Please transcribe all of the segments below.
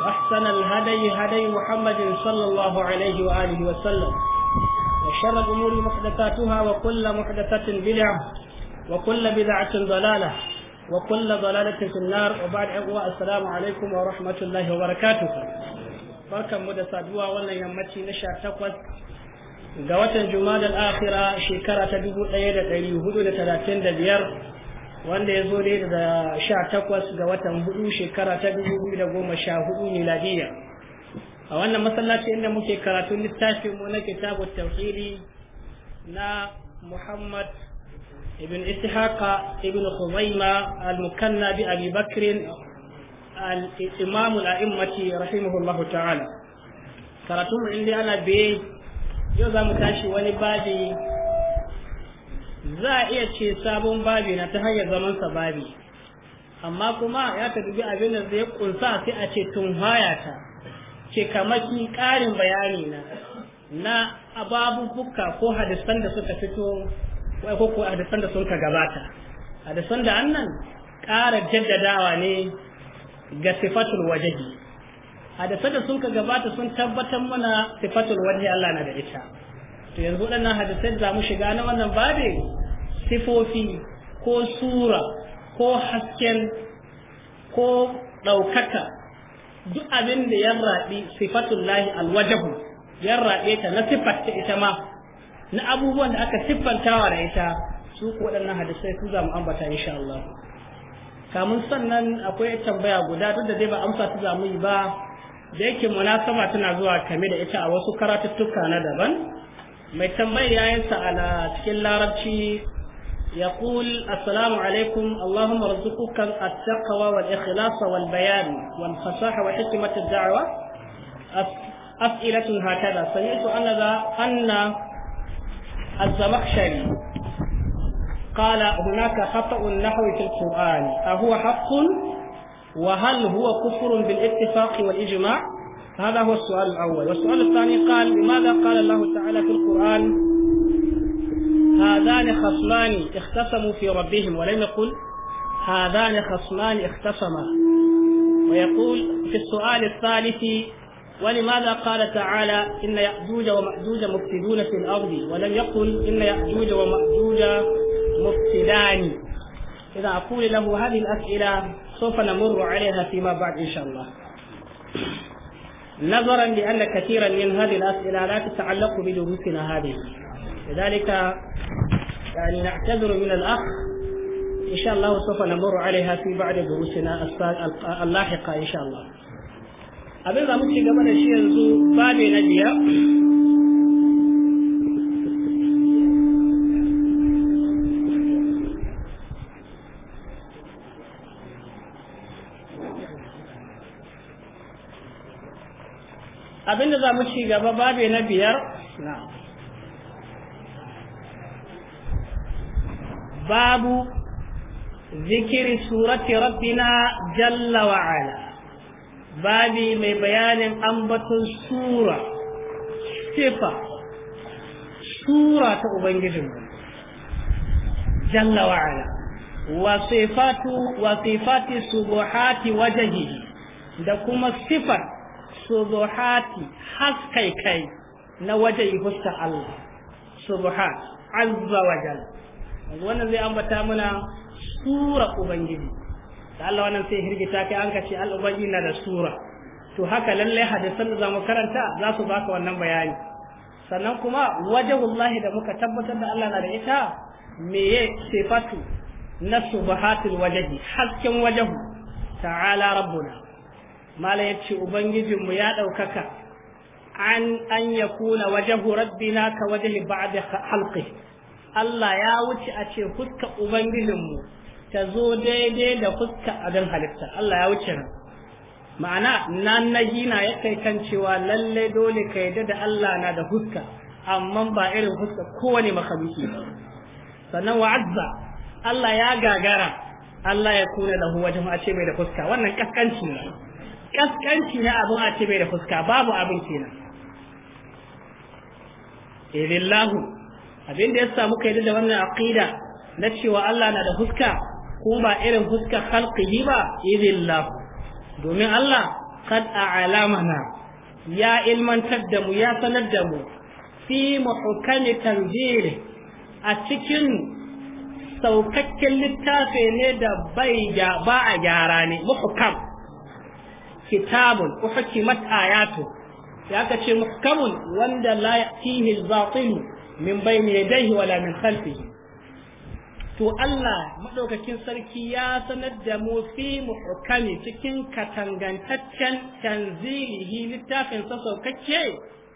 وأحسن الهدي هدي محمد صلى الله عليه وآله وسلم وشر الأمور محدثاتها وكل محدثة بدعة وكل بدعة ضلالة وكل ضلالة في النار وبعد أقوى السلام عليكم ورحمة الله وبركاته بركة مدى سادوا ولا يمتي نشا تقوى ga الآخرة juma'a al-akhira shekara لتلاتين دبير wanda ya zo dai daga sha takwas ga watan hudu shekara ta dubu biyu da goma sha hudu miladiya a wannan masallaci inda muke karatun littafin mu na kitabu tauhidi na muhammad ibn ishaqa ibn khuzaima al-mukanna bi abi bakrin al-imam al-a'immati rahimahullahu ta'ala karatun inda ana biye yau za mu tashi wani babi za a iya ce sabon babi na ta hanyar zaman sa babi amma kuma ya tafi abin da zai kunsa sai a ce tun haya ta kamar kamaki karin bayani na na ababubuka ko hadisan da suka fito ko ko hadisan da suka gabata hadisan da annan ƙara jaddadawa ne ga sifatul wajhi hadisan da suka gabata sun tabbatar mana sifatul wajhi Allah na da ita to yanzu waɗannan hadisai za mu shiga na wannan babe sifofi ko sura ko hasken ko ɗaukaka duk abin da ya raɗi sifatullahi alwajahu ya raɗe ta na siffarta ita ma na abubuwan da aka siffantawa da ita su ko waɗannan hadisai su za mu ambata insha Allah kamun sannan akwai tambaya guda duk da dai ba amsa ta za yi ba da yake munasaba tana zuwa kame da ita a wasu karatuttuka na daban mai tambayar yayin sa'ala cikin larabci يقول السلام عليكم اللهم ارزقك التقوى والإخلاص والبيان والفصاحة وحكمة الدعوة أسئلة هكذا سمعت أن أن الزمخشري قال هناك خطأ النحو في القرآن أهو حق وهل هو كفر بالاتفاق والإجماع هذا هو السؤال الأول والسؤال الثاني قال لماذا قال الله تعالى في القرآن هذان خصمان اختصموا في ربهم ولم يقل هذان خصمان اختصما ويقول في السؤال الثالث ولماذا قال تعالى إن يأجوج ومأجوج مفسدون في الأرض ولم يقل إن يأجوج ومأجوج مفسدان إذا أقول له هذه الأسئلة سوف نمر عليها فيما بعد إن شاء الله نظرا لأن كثيرا من هذه الأسئلة لا تتعلق بدروسنا هذه لذلك يعني نعتذر من الأخ إن شاء الله سوف نمر عليها في بعض دروسنا اللاحقة إن شاء الله abin da قبل الشيء da shi yanzu abinda za mu ci gaba babe na biyar babu zikiri surati rabbina jalla wa ala babi mai bayanin ambaton sura sifa sura ta ubangijinmu jalla wa ala wa sifati subuhati wajahihi da kuma sifat subuhati haskai kai na wajen fuskar Allah subuhat azza wa wannan zai ambata mana sura ubangiji da Allah wannan sai hirgita kai an kace al ubangiji na da sura to haka lalle hadisan da zamu karanta za su baka wannan bayani sannan kuma wajahullahi da muka tabbatar da Allah na da ita meye sifatu na subhatul wajhi hasken wajahu ta'ala rabbuna mala ya ce ubangijinmu ya ɗaukaka, an kuna yakuna wajhu rabbina ka wajhi ba'd halqi Allah ya wuce a ce fuska ubangijinmu ta zo daidai da fuska adan halitta Allah ya wuce nan ma'ana nan na ya kai kan cewa lalle dole ka yadda da Allah na da fuska amma ba irin fuska kowane makamuki ba sannan wa'azza Allah ya gagara Allah ya kuna lahu wajen a ce mai da fuska wannan kaskanci ne kaskanci na abin a ce da fuska babu abin kenan ilillahu abin da ya samu kai da wannan aqida na cewa Allah na da fuska ko ba irin fuskar khalqihi ba ilillahu domin Allah kad a'lamana ya ilmantar da mu ya sanar da mu fi muhkami tanzili a cikin saukakken littafi ne da bai ba a gyara ne muhkam kitabun uhkimat ayatu ya ka ce muhkamun wanda la yatihi al-batil min bayni yadayhi wala min khalfihi to Allah madaukakin sarki ya sanar da mu fi muhkami cikin katangantaccen tanzilihi littafin sa saukakke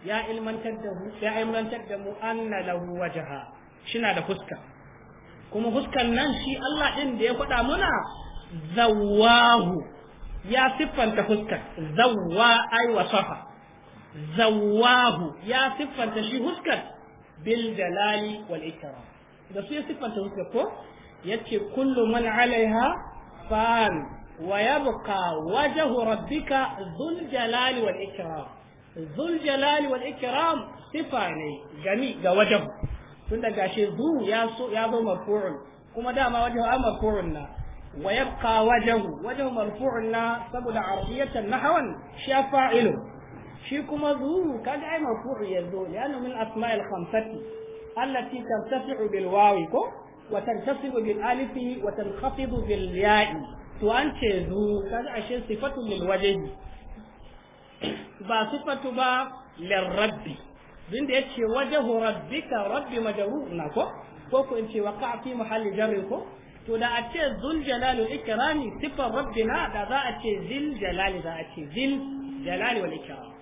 ya ilmantar da mu ya ilmantar da mu anna lahu wajha shina da fuska kuma fuskan nan shi Allah din da ya faɗa muna zawahu ya siffanta huskar zawwa ai wa Zawwahu, zawahu ya siffanta shi huskar bil jalali wal ikram da su ya siffanta huskar ko yace kullu man alaiha fan wa yabqa wajhu rabbika dhul jalali wal ikram dhul jalali wal ikram sifa ne gami ga wajhu tun daga shi zu ya so ya zo marfu'un kuma dama wajhu a marfu'un na wa yabqa wajahu wajahu marfu'un na saboda arfiyatan nahwan shi fa'ilu shi kuma zu kaga ai marfu'u yazo yana min asma'il khamsati allati tantafi'u bil wawi ko wa tantasibu bil alifi wa tankhafidhu bil ya'i to an ce zu kaga ashe sifatu lil wajhi ba sifatu ba lil rabbi din yace wajhu rabbi majrur na ko ko in ce waqa fi ko to da a ce zul jalali wal ikrami sifar rabbina da za a ce zil jalali za a ce zil jalali wal ikrami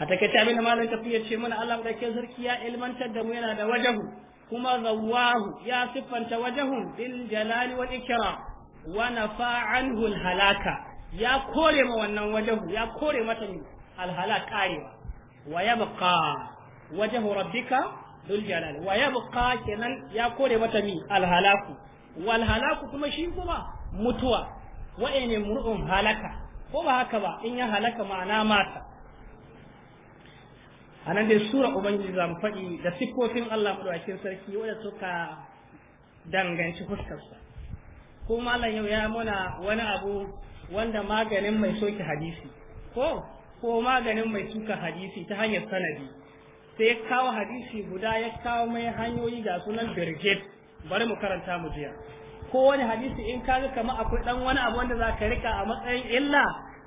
a takaice abin da malam tafi ya ce mana Allah da ke sarki ya ilmantar da mu yana da wajahu kuma zawahu ya siffanta wajahu, bil jalali wal ikram wa nafa anhu al halaka ya kore ma wannan wajahu ya kore mata al halak karewa wa yabqa wajhu rabbika dul jalali wa yabqa kenan ya kore mata mi al halaku wal halaku kuma shi kuma mutuwa wa'ene mur'un halaka ko ba haka ba in ya halaka ma'ana mata anan dai sura ubangiji za mu faɗi da siffofin Allah madaukakin sarki wanda suka danganci fuskarsa ko malam yau ya muna wani abu wanda maganin mai soke hadisi ko ko maganin mai suka hadisi ta hanyar sanadi sai ya kawo hadisi guda ya kawo mai hanyoyi ga sunan birgit bari mu karanta mu jiya ko wani hadisi in kaga kamar akwai dan wani abu wanda za ka rika a matsayin illa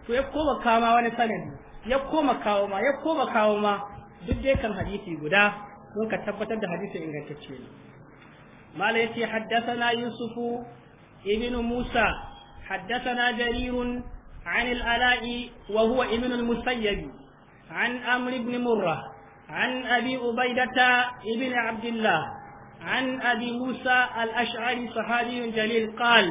to ya koma kama wani sanadi ya koma kawo ma ya koma kawo ma duk dai kan hadisi guda don ka tabbatar da hadisi ingantacce ne mala yace haddathana yusufu ibnu musa haddathana jarirun عن الألاء وهو ابن المسيب عن أمر بن مرة عن أبي عبيدة ابن عبد الله عن أبي موسى الأشعري صحابي جليل قال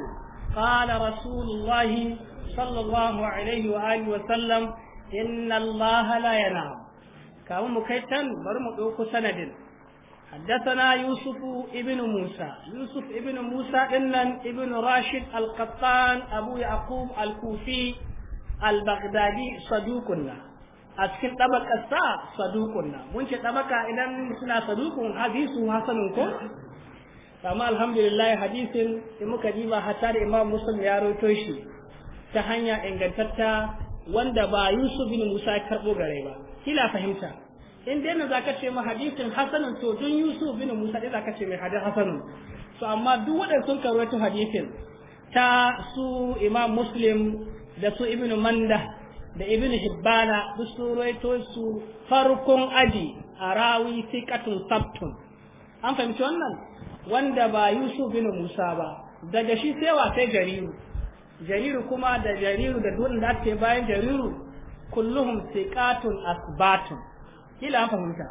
قال رسول الله صلى الله عليه وآله وسلم إن الله لا ينام كم مكيتا مرمضوك سند حدثنا يوسف ابن موسى يوسف ابن موسى إن ابن راشد القطان أبو يعقوب الكوفي البغدادي صدوقنا a cikin ɗabakar sa sadukun na mun ce ɗabaka idan suna sadukun hadisu hasanun ko amma alhamdulillah hadisin da muka diba hatta da imam muslim ya roto shi ta hanya ingantatta wanda ba yusuf bin musa ya karɓo gare ba kila fahimta in dai na zaka ce ma hadisin hasanun to don yusuf bin musa dai zaka ce mai hadin hasanun to amma duk waɗanda sun karwato hadisin ta su imam muslim da su ibnu mandah da ibn hibbana duk sun ruwaito su farkon aji a rawi sikatun sabtun an fahimci wannan wanda ba yusuf bin musa ba daga shi sai wa sai jariru jariru kuma da jariru da duk da ake bayan jariru kulluhum sikatun asbatun kila an fahimta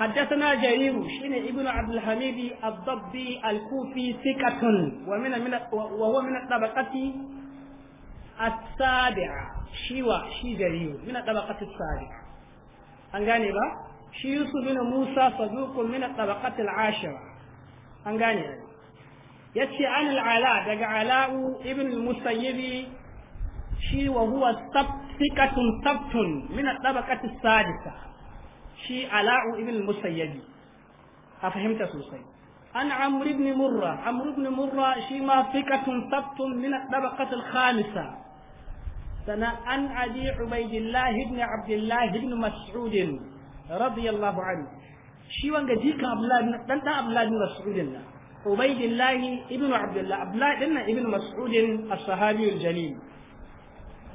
حدثنا جرير شين ابن عبد الحميد الضبي الكوفي ثقة ومن من وهو من الطبقة السابعة شيوا شي جريو من الطبقة السابعة أنغاني با شي يوسف بن موسى صدوق من الطبقة العاشرة أنغاني يعني. يتشي عن العلاء دقى علاء ابن المسيب شي وهو ثقة ثبت من الطبقة السادسة شي علاء ابن المسيب أفهمت سوسي عن عمرو بن مرة عمرو بن مرة شي ما ثقة ثبت من الطبقة الخامسة sana an abi ubaidillah ibn abdullah ibn mas'ud radiyallahu anhu shi wanga jika abdullahi dan dan abdullah mas'ud na ubaidillah ibn abdullah abdullah din ibn mas'ud as-sahabi al-jalil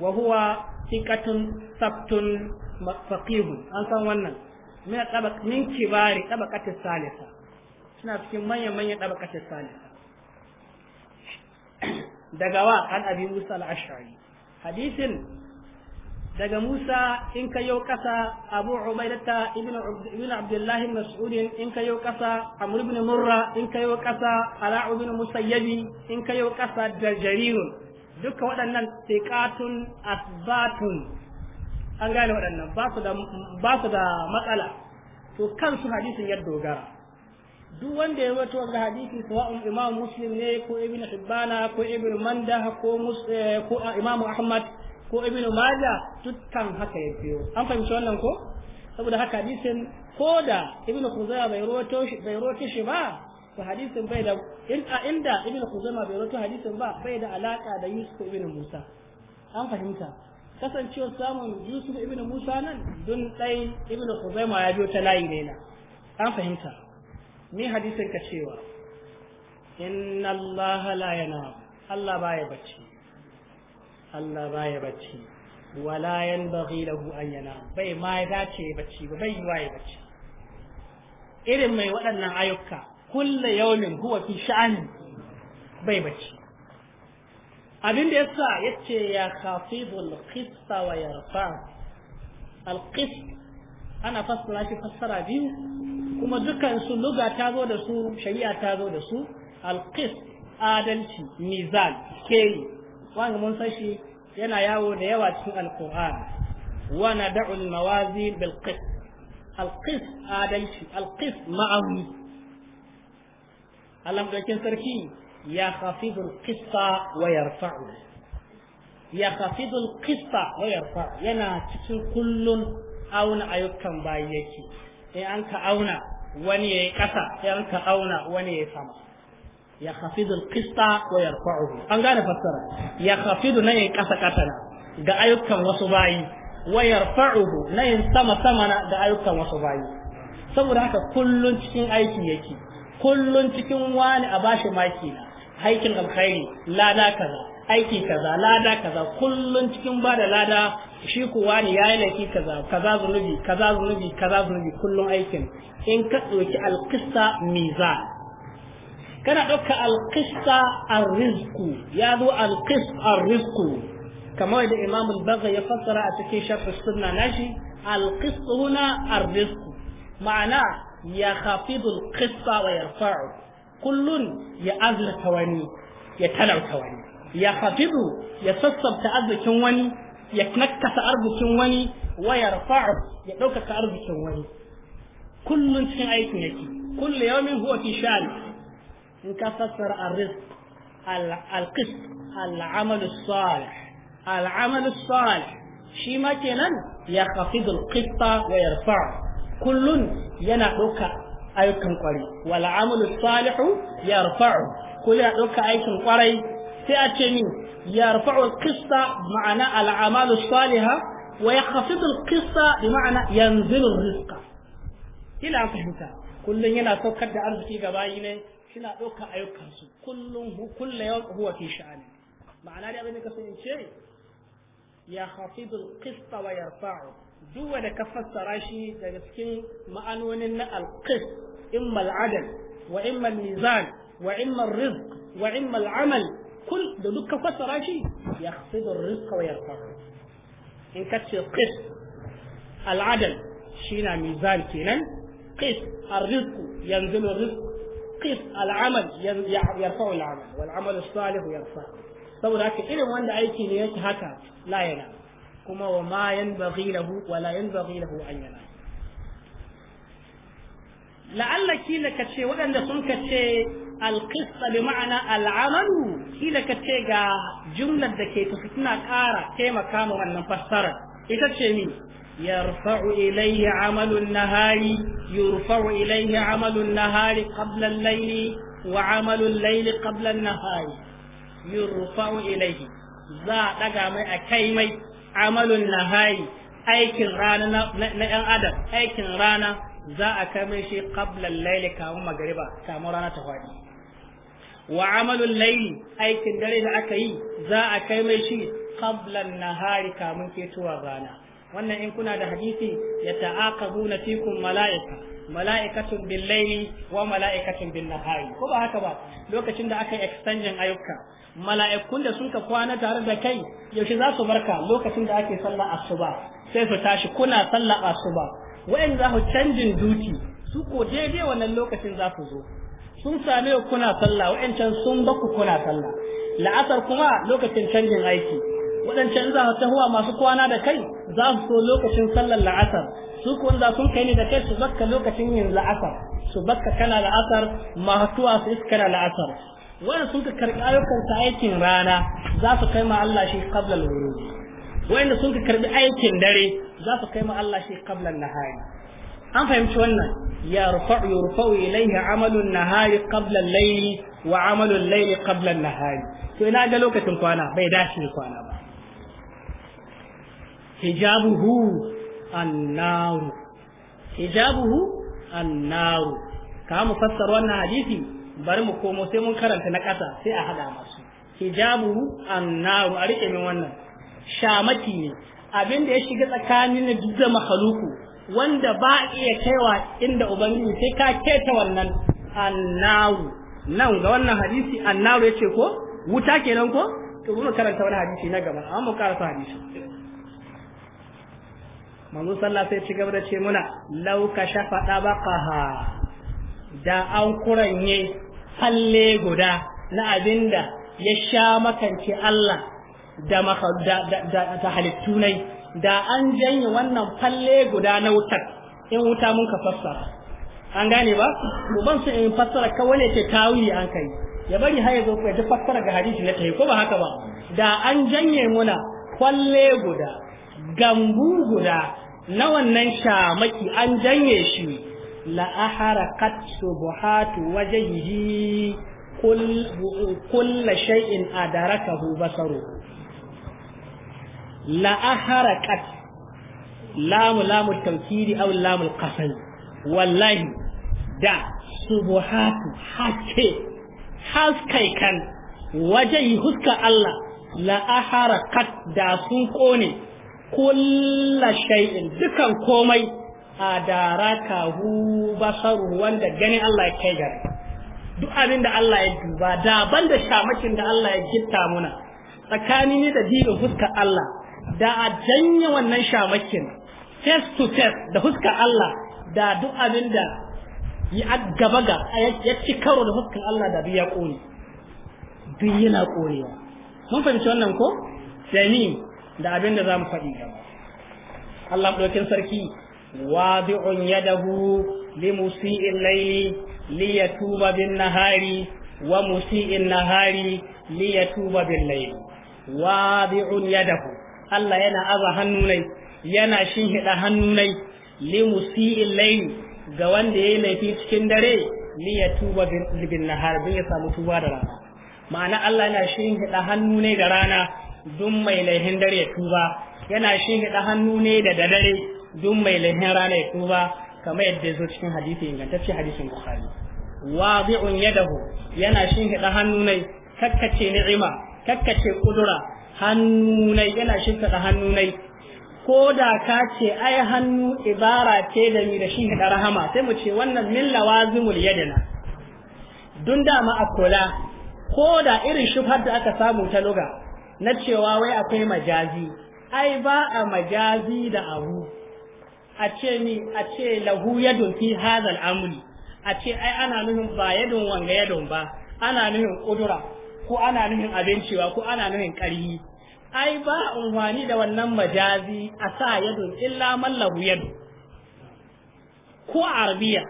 wa huwa thiqatun sabtun an san wannan min tabaq min kibari salisa suna cikin manyan manyan salisa daga wa kan abi musa al-ash'ari hadisin daga Musa in ka yau kasa Abu Ubaidata ibn ibn Abdullah ibn Mas'ud in ka yau kasa Amr ibn Murra in ka kasa Ala ibn Musayyabi in ka yau kasa Darjarir duka waɗannan tiqatun asbatun an gane waɗannan ba su da ba su da matsala to kansu hadisin ya dogara duk wanda ya mutu ga hadisi sawa'un imam muslim ne ko ibn hibbana ko ibn manda ko eh, ko ah, imam ahmad ko ibn maja dukkan haka ya biyo an fahimci wannan ko saboda haka hadisin koda ibn khuzaimah bai rawato shi bai rawato shi ba to hadisin bai da inda ibn khuzaimah bai rawato hadisin ba bai da alaka da yusuf ibn musa an fahimta kasancewar samun yusuf ibn musa nan don dai ibn khuzaimah ya biyo ta layi ne na an fahimta Ni hadisin ka cewa inna allaha la yanam allah baya bacci allah baya bacci wala yanbaghi lahu an yanam bai ma ya dace bacci ba bai yiwa ya bacci irin mai waɗannan ayyuka kulla yawmin huwa fi sha'ani bai bacci abin da yasa yace ya khafidul qista wa yarfa al qist ana fassara shi fassara biyu kuma dukansu luga ta zo da su shari'a ta zo da su alqis adalci mizan keli wanga mun san shi yana yawo da yawa cikin alquran wa nad'u almawazin bil qis alqis adalci alqis alam da kin sarki ya khafidu alqissa wa yarfa'u ya khafidu alqissa wa yarfa'u yana cikin kullun auna ayyukan bayyaki, in an ka auna wani ya yi ƙasa ya ka auna wani ya yi sama ya kista qista wa yarfa'uhu an gane fassara ya hafidu na yin ƙasa ƙasa na ga ayyukan wasu bayi wa yarfa'uhu na yin sama sama na ga ayyukan wasu bayi saboda haka kullun cikin aiki yake kullun cikin wani a bashi maki na haikin alkhairi lada kaza aiki kaza lada kaza kullun cikin bada lada shi kuwa ne yayin aiki kaza kaza zunubi kaza zunubi kaza zunubi kullun aikin in ka dauki alƙista miza kana ɗauka alƙista arrizqu ya zo alƙis arrizqu kamar da imam al ya fassara a cikin sharh sunna nashi alƙis huna arrizqu ma'ana ya khafidu alƙista wa yarfa'u kullun ya azlata wani ya talauta wani ya hafizu ya sassabta arzikin wani ya nakkasa arzikin wani wa ya rafa'u ya ɗaukaka arzikin wani kullun cikin aikin yake kullu yawmin huwa fi sha'ani in ka fassara arzik al-qist al-amal salih al-amal salih shi ma kenan ya hafizu al-qista wa ya rafa'u kullun yana ɗauka ayyukan kwari wal amalu salihu ya rafa'u kullu ya ɗauka aikin kwarai تأتني يرفع القصة معنى الأعمال الصالحة ويخفض القصة بمعنى ينزل الرزق إلى أن تحبك كل ينا توقف دي أرزك إيقابايني شنا أوكا أيوكا كل كل يوم هو في شأن معنى لي أبني كسين شيء يخفض القصة ويرفع دو ده سراشي تجسكين معنونين القصة إما العدل وإما الميزان وإما الرزق وإما العمل kul da dukkan fassara shi ya fi khasidu rizqa wa yarfa in ka ce qis al'adal shi na mizan kenan qis arrizqu yanzilu rizq qis al'amal yarfa al'amal wal amal salih yarfa saboda haka irin wanda aiki ne yake haka la yana kuma wa ma yanbaghi lahu wa la yanbaghi lahu an yana la'alla kila kace waɗanda sun kace alƙista bi ma'ana al'amalu shi da kace ga jumlar da ke tafi suna ƙara taimaka ma wannan fassara ita ce ni yarfa'u ilayhi amalun nahari yurfa'u ilayhi amalun nahari qabla al-layli wa amalul layli qabla an-nahari yurfa'u ilayhi za a daga mai a kai mai amalun na yan adam aikin rana za a kai mai shi qabla layli kamun wa amalul layli aikin dare da aka yi za a kai mai shi qabla nahari kamun ketuwa rana wannan in kuna da hadisi ya ta'aqabuna fikum malaika mala'ikatun bil layli wa mala'ikatun bin nahari ko ba haka ba lokacin da aka extension ayyuka mala'ikun da sun ka kwana tare da kai yaushe za su barka lokacin da ake sallar asuba sai su tashi kuna sallar asuba wa'in za su canjin duti su ko daidai wannan lokacin za su zo sun same ku kuna sallah wa'ancan sun ba ku kuna sallah la'asar kuma lokacin canjin aiki waɗancan za ta tahowa masu kwana da kai za su so lokacin sallar la'asar su kuwa za sun kai ni da kai su bakka lokacin yin la'asar su bakka kana la'asar mahatuwa su iska na la'asar wanda sun ka karɓi ayyukan aikin rana za su kai ma Allah shi qabla al-ghurub wanda sun ka karɓi aikin dare za su kai ma Allah shi qabla an-nahari an fahimci wannan ya rufa'u yurfa'u ilayhi amalun nahari qabla al-layli wa amalul layli qabla na nahari to ina ga lokacin kwana bai dace kwana ba hijabuhu annaru hijabuhu annaru ka mu fassara wannan hadisi bari mu komo sai mun karanta na ƙasa sai a hada masu hijabuhu annaru a rike min wannan shamaki ne abin da ya shiga tsakanin da duk da mahaluku wanda ba iya kaiwa inda ubangiji sai ka keta wannan Annaru nan ga wannan hadisi annaru yace ko wuta kenan ko to mu karanta wani hadisi na gaba amma mu karanta hadisi manzo sallah sai wasallam da ce muna law kashafa dabaqaha da an kuranye halle guda na abinda ya sha makance Allah da da, da, da halittunai da an janye wannan falle guda na wutar in wuta mun ka fassara an gane ba to ban su in fassara kawai ne ke tawili an kai ya bari har ya zo ya ji fassara ga hadisi na tayi ko ba haka ba da an janye muna falle guda gambu guda na wannan shamaki an janye shi la aharaqat subuhatu wajhihi kull shay'in adarakahu basaru la aharaqat lamu lamu tawkidi aw lamu qasam wallahi da subuhatu haske haskai kan wajen huska Allah la'ahara aharaqat da sun kone kulla shay'in dukan komai a daraka hu basaru wanda gani Allah ya kai gare duk abin da Allah ya duba daban da shamakin da Allah ya gitta muna tsakani ne da dibin fuskar Allah da a janye wannan shamakin face to face da huskar Allah da duk abin da ya gaba ga ya ci karo da huskar Allah da duk ya kone duk yana konewa mun fahimci wannan ko sai da abin da za mu faɗi gaba Allah ɗaukin sarki wadi'un yadahu li musii'il layli li yatuba bin nahari wa musii'in nahari li yatuba bil layli wadi'un yadahu Allah yana aza hannunai yana shinhiɗa hannunai nai li musi'il layl ga wanda ya yi laifi cikin dare li tuba bin nahar bin ya samu tuba da rana ma'ana Allah yana shinhiɗa hannu ne da rana dun mai laifin dare ya tuba yana shinhiɗa hannu ne da dare dun mai laifin rana ya tuba kamar yadda ya zo cikin hadisi ingantacce hadisin Bukhari wadi'un yadahu yana shinhiɗa hannu ne takkace ni'ima takkace kudura hannunai yana shimfiɗa hannunai ko da ka ce ai hannu ibara ce da mi da da rahama sai mu ce wannan min lawazimul yadina dun dama a kula ko da irin shufar da aka samu ta luga na cewa wai akwai majazi ai ba a majazi da abu a ce ni a ce lahu yadun fi hadha amri a ce ai ana nufin ba yadun wanga yadun ba ana nufin kudura ko ana nuhin abincewa ko ana nuhin ƙarhi ai ba unhwani da wannan majazi a sa yadun illa mallahu yadu ko arabiya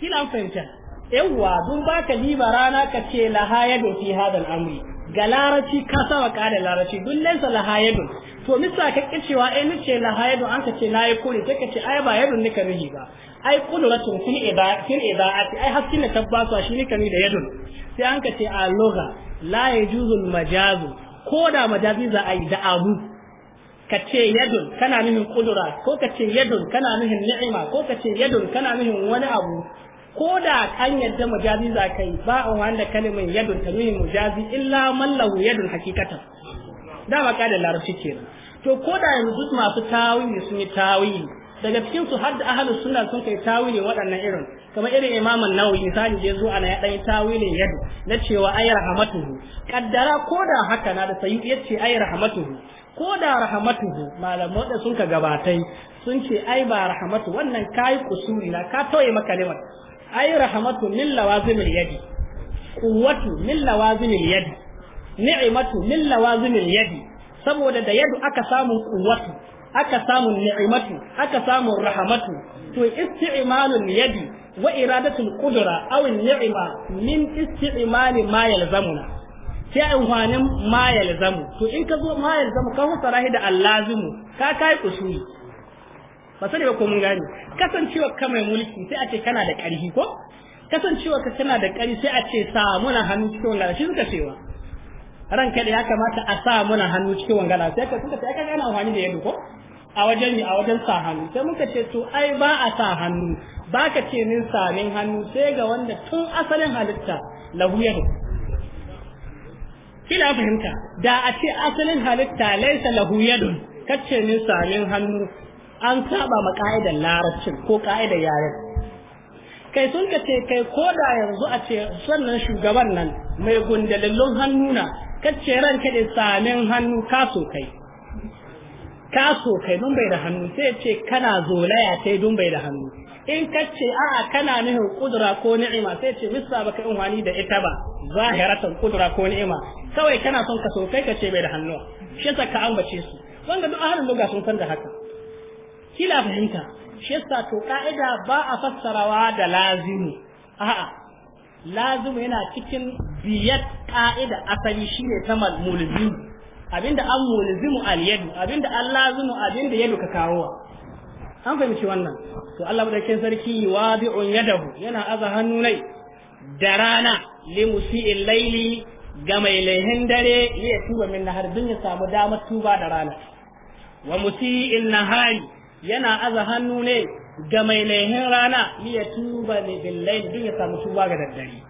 kila fahimta yawwa dun ka liba rana ka ce laha yadu fi hadal amri ga Laraci ka saba wa larabci dun lansa laha yadu to nisa ka kicewa ai eh, nace laha yadu an ka ce nayi kuri sai ka ce ai ba yadu nika nuhi ba ai kuduratun fil ibadati ai haskin tabbasuwa shi nika ni da yadu. sai an ka ce a Loga la juzun majazu ko da majazi za a yi da abu ka ce yadun kana nuhin kudura ko ka ce yadun kana nuhin ni'ima ko ka ce yadun kana nuhin wani abu ko da an yadda majazi za ka yi ba a wanda kalimin yadun ta nuhin majazi illa mallahu yadun hakikatan dama ka da larabci kenan to ko da yanzu masu tawili sun yi tawili daga cikin su har da ahlus sunna sun kai tawili waɗannan irin kamar irin imamun nawawi misali da zo ana ya dan tawilin yadu na cewa ay rahmatuhu kaddara koda haka na da sayu yace ay rahmatuhu koda rahmatuhu malamai da sun ka gabatai sun ce ai ba rahmatu wannan kai kusuri na ka toye maka limar ai rahmatu min lawazimil yadi quwwatu min lawazimil yadi ni'matu min lawazimil yadi saboda da yadu aka samu quwwatu aka samu ni'imatu aka samu rahamatu to isti'malu yadi wa iradatul qudra aw ni'ima min isti'mali ma yalzamuna sai amfanin ma yalzamu to in ka zo ma yalzamu ka huta rahi da allazimu ka kai kusuri ba sai ba ko mun gane kasancewa ka mai mulki sai a ce kana da karhi ko kasancewa ka kana da karhi sai a ce sa muna hannu cikin wanga shi suka cewa ranka da ya kamata a sa muna hannu cikin wanga sai ka suka sai ka ana amfani da yadu ko a wajen a wajen sa hannu sai muka ce to ai ba a sa hannu ba ka ce min samin hannu sai ga wanda tun asalin halitta lahu yahu kila fahimta da a ce asalin halitta laisa lahu yadun kace min samin hannu an saba ma ka'idar larabcin ko ka'idar yare kai sun ka ce kai ko da yanzu a ce sannan shugaban nan mai gundalallun hannuna kace ranka da samin hannu kaso kai ka so kai dun bai da hannu sai ce kana zolaya sai dun bai da hannu in ka ce a'a kana nihin kudura ko ni'ima sai ce misa baka in wani da ita ba zahiratan kudura ko ni'ima kawai kana son ka so kai ka ce bai da hannu shi yasa ka ambace su wanda duk ahlul lugha sun san da haka kila fahimta shi yasa to ka'ida ba a fassarawa da lazimi a'a lazimi yana cikin biyar ka'ida asali shine ta mulzim abinda an mulzimu al yadu abinda Allah lazimu abinda yadu ka kawo an fahimci wannan to Allah kin sarki wadi'un yadahu yana aza hannu nai da rana li musi'il laili ga mai laihin dare ya tuba min nahar dun ya samu damar tuba da rana wa musi'il nahari yana aza hannu ne ga mai laihin rana ya tuba ne bil laili dun ya samu tuba ga daddare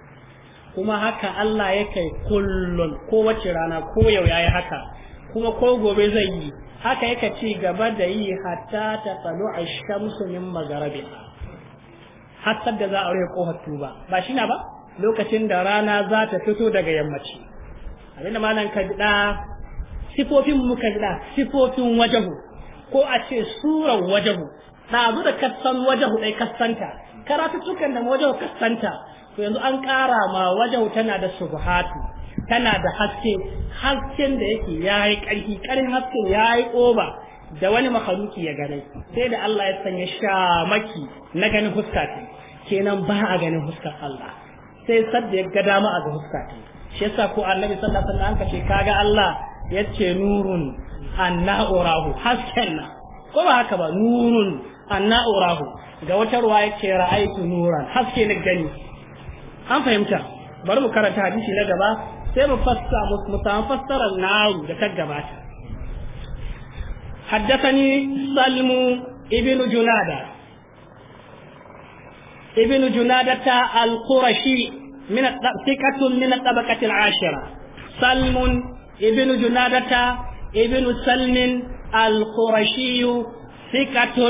kuma haka Allah ya kai kullun wace rana ko yau yayi haka kuma ko gobe zai yi haka yake ci gaba da yi hatta ta tsano a min magarabi hatta da za a rai kohar tuba ba shi na ba lokacin da rana za ta fito daga yammaci Abin da malam ka gida sifofin ka gida sifofin wajahu ko a ce surar wajahu ɗazu da kasan wajahu ɗai kasanta karatuttukan da wajahu kasanta to yanzu an ƙara ma wajau tana da subhatu tana da haske hasken da yake ya yi ƙarfi ƙarin hasken ya yi ƙoba da wani makaruki ya gane sai da Allah ya sanya shamaki na ganin huska ta kenan ba a ganin huskar Allah sai sadda ya ga dama a ga huska ta shi yasa ko annabi sallallahu alaihi wasallam kace kaga Allah yace nurun anna urahu hasken na ko ba haka ba nurun anna urahu ga wata ruwa yace ra'aytu nuran haske na gani an fahimta bari mu karanta hadisi na gaba sai mu fassa mu samu fassarar naru da ta gabata حدثني سلم ابن جنادة ابن جنادة القرشي من ثقة من الطبقة العاشرة سلم ابن جنادة ابن سلم القرشي ثقة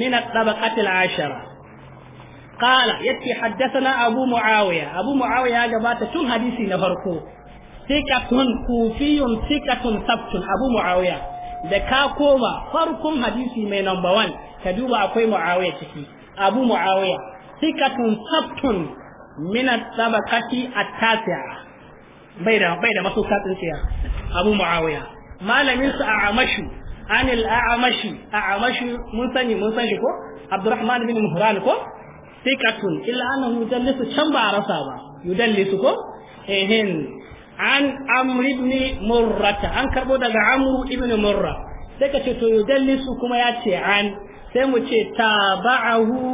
من الطبقة العاشرة qala yace haddathana abu muawiya abu muawiya ya gabata tun hadisi na farko sikatun kufiyun sikatun sabtun abu muawiya da ka koma farkon hadisi mai number 1 ka duba akwai muawiya ciki abu muawiya sikatun sabtun min at-tabaqati at-tasi'a bai da bai da masuka tsintsiya abu a amashu anil a'amashi mun sani mun san shi ko abdurrahman bin muhran ko thiqatun illa annahu yudallisu can ba a rasa ba yudallisu ko ehin an amri ibn murrata an karbo daga amru ibn murra sai ka ce to yudallisu kuma ya ce an sai mu ce tabahu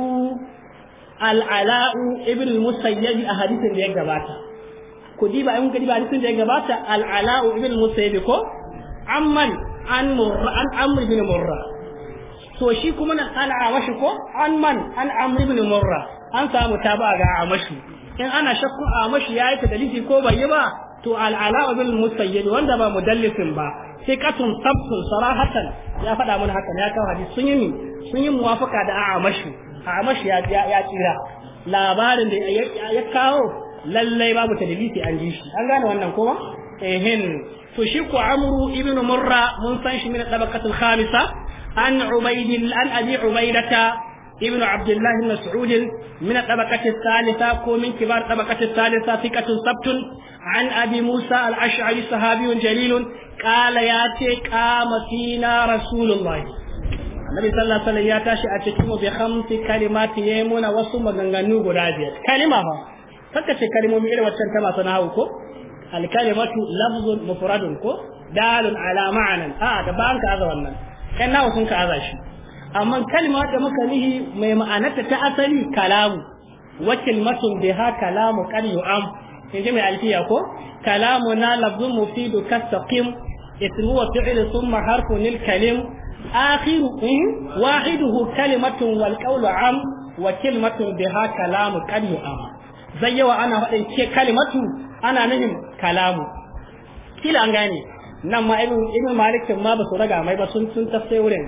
al'ala'u ibn musayyib a hadisin da ya gabata ku diba in ku diba hadisin da ya gabata al'ala'u ibn musayyib ko amman an murra an amri ibn murra to shi kuma nan ana amashi ko an man an amr murra an samu taba ga amashi in ana shakku amashi yayi ta dalili ko bai yi ba to al ala bil musayyid wanda ba mudallisin ba sai katun sabtun sarahatan ya faɗa mana haka ya kawo hadisi sun yi ni sun yi muwafaka da amashi amashi ya ya tsira labarin da ya kawo lallai babu tadlisi an ji shi an gane wannan kowa ehin to shi ku amru Ibnu murra mun san shi min tabaqatul khamisa عن عبيد عن أبي عبيدة ابن عبد الله بن مسعود من الطبقة الثالثة ومن كبار الطبقة الثالثة ثقة سبت عن أبي موسى الأشعري صحابي جليل قال ياتي قام فينا رسول الله النبي صلى الله عليه وسلم ya tashi a cikin mu bi khamsi kalimati yayi muna wasu maganganu guda biyar kalima fa kaka ce irin waccan ta masu nahawu ko al kalimatu lafzun mufradun ko dalun ala ma'anan a da wannan ɗan nawa sun ka aza shi amma kalma da muka nihi mai ma'anarta ta asali kalamu wa kalmatun biha kalamu kan am. in ji mai alfiya ko kalamu na lafzun mufidu kastaqim ismu wa fi'lu thumma harfu lil kalim akhiru eh, wahiduhu kalimatun wal qawlu am wa kalmatun biha kalamu kan am zayyawa ana faɗin ke kalimatu ana nuhin kalamu kila an gane nan ma ibn malik ma ba su raga mai ba sun sun tafsai wurin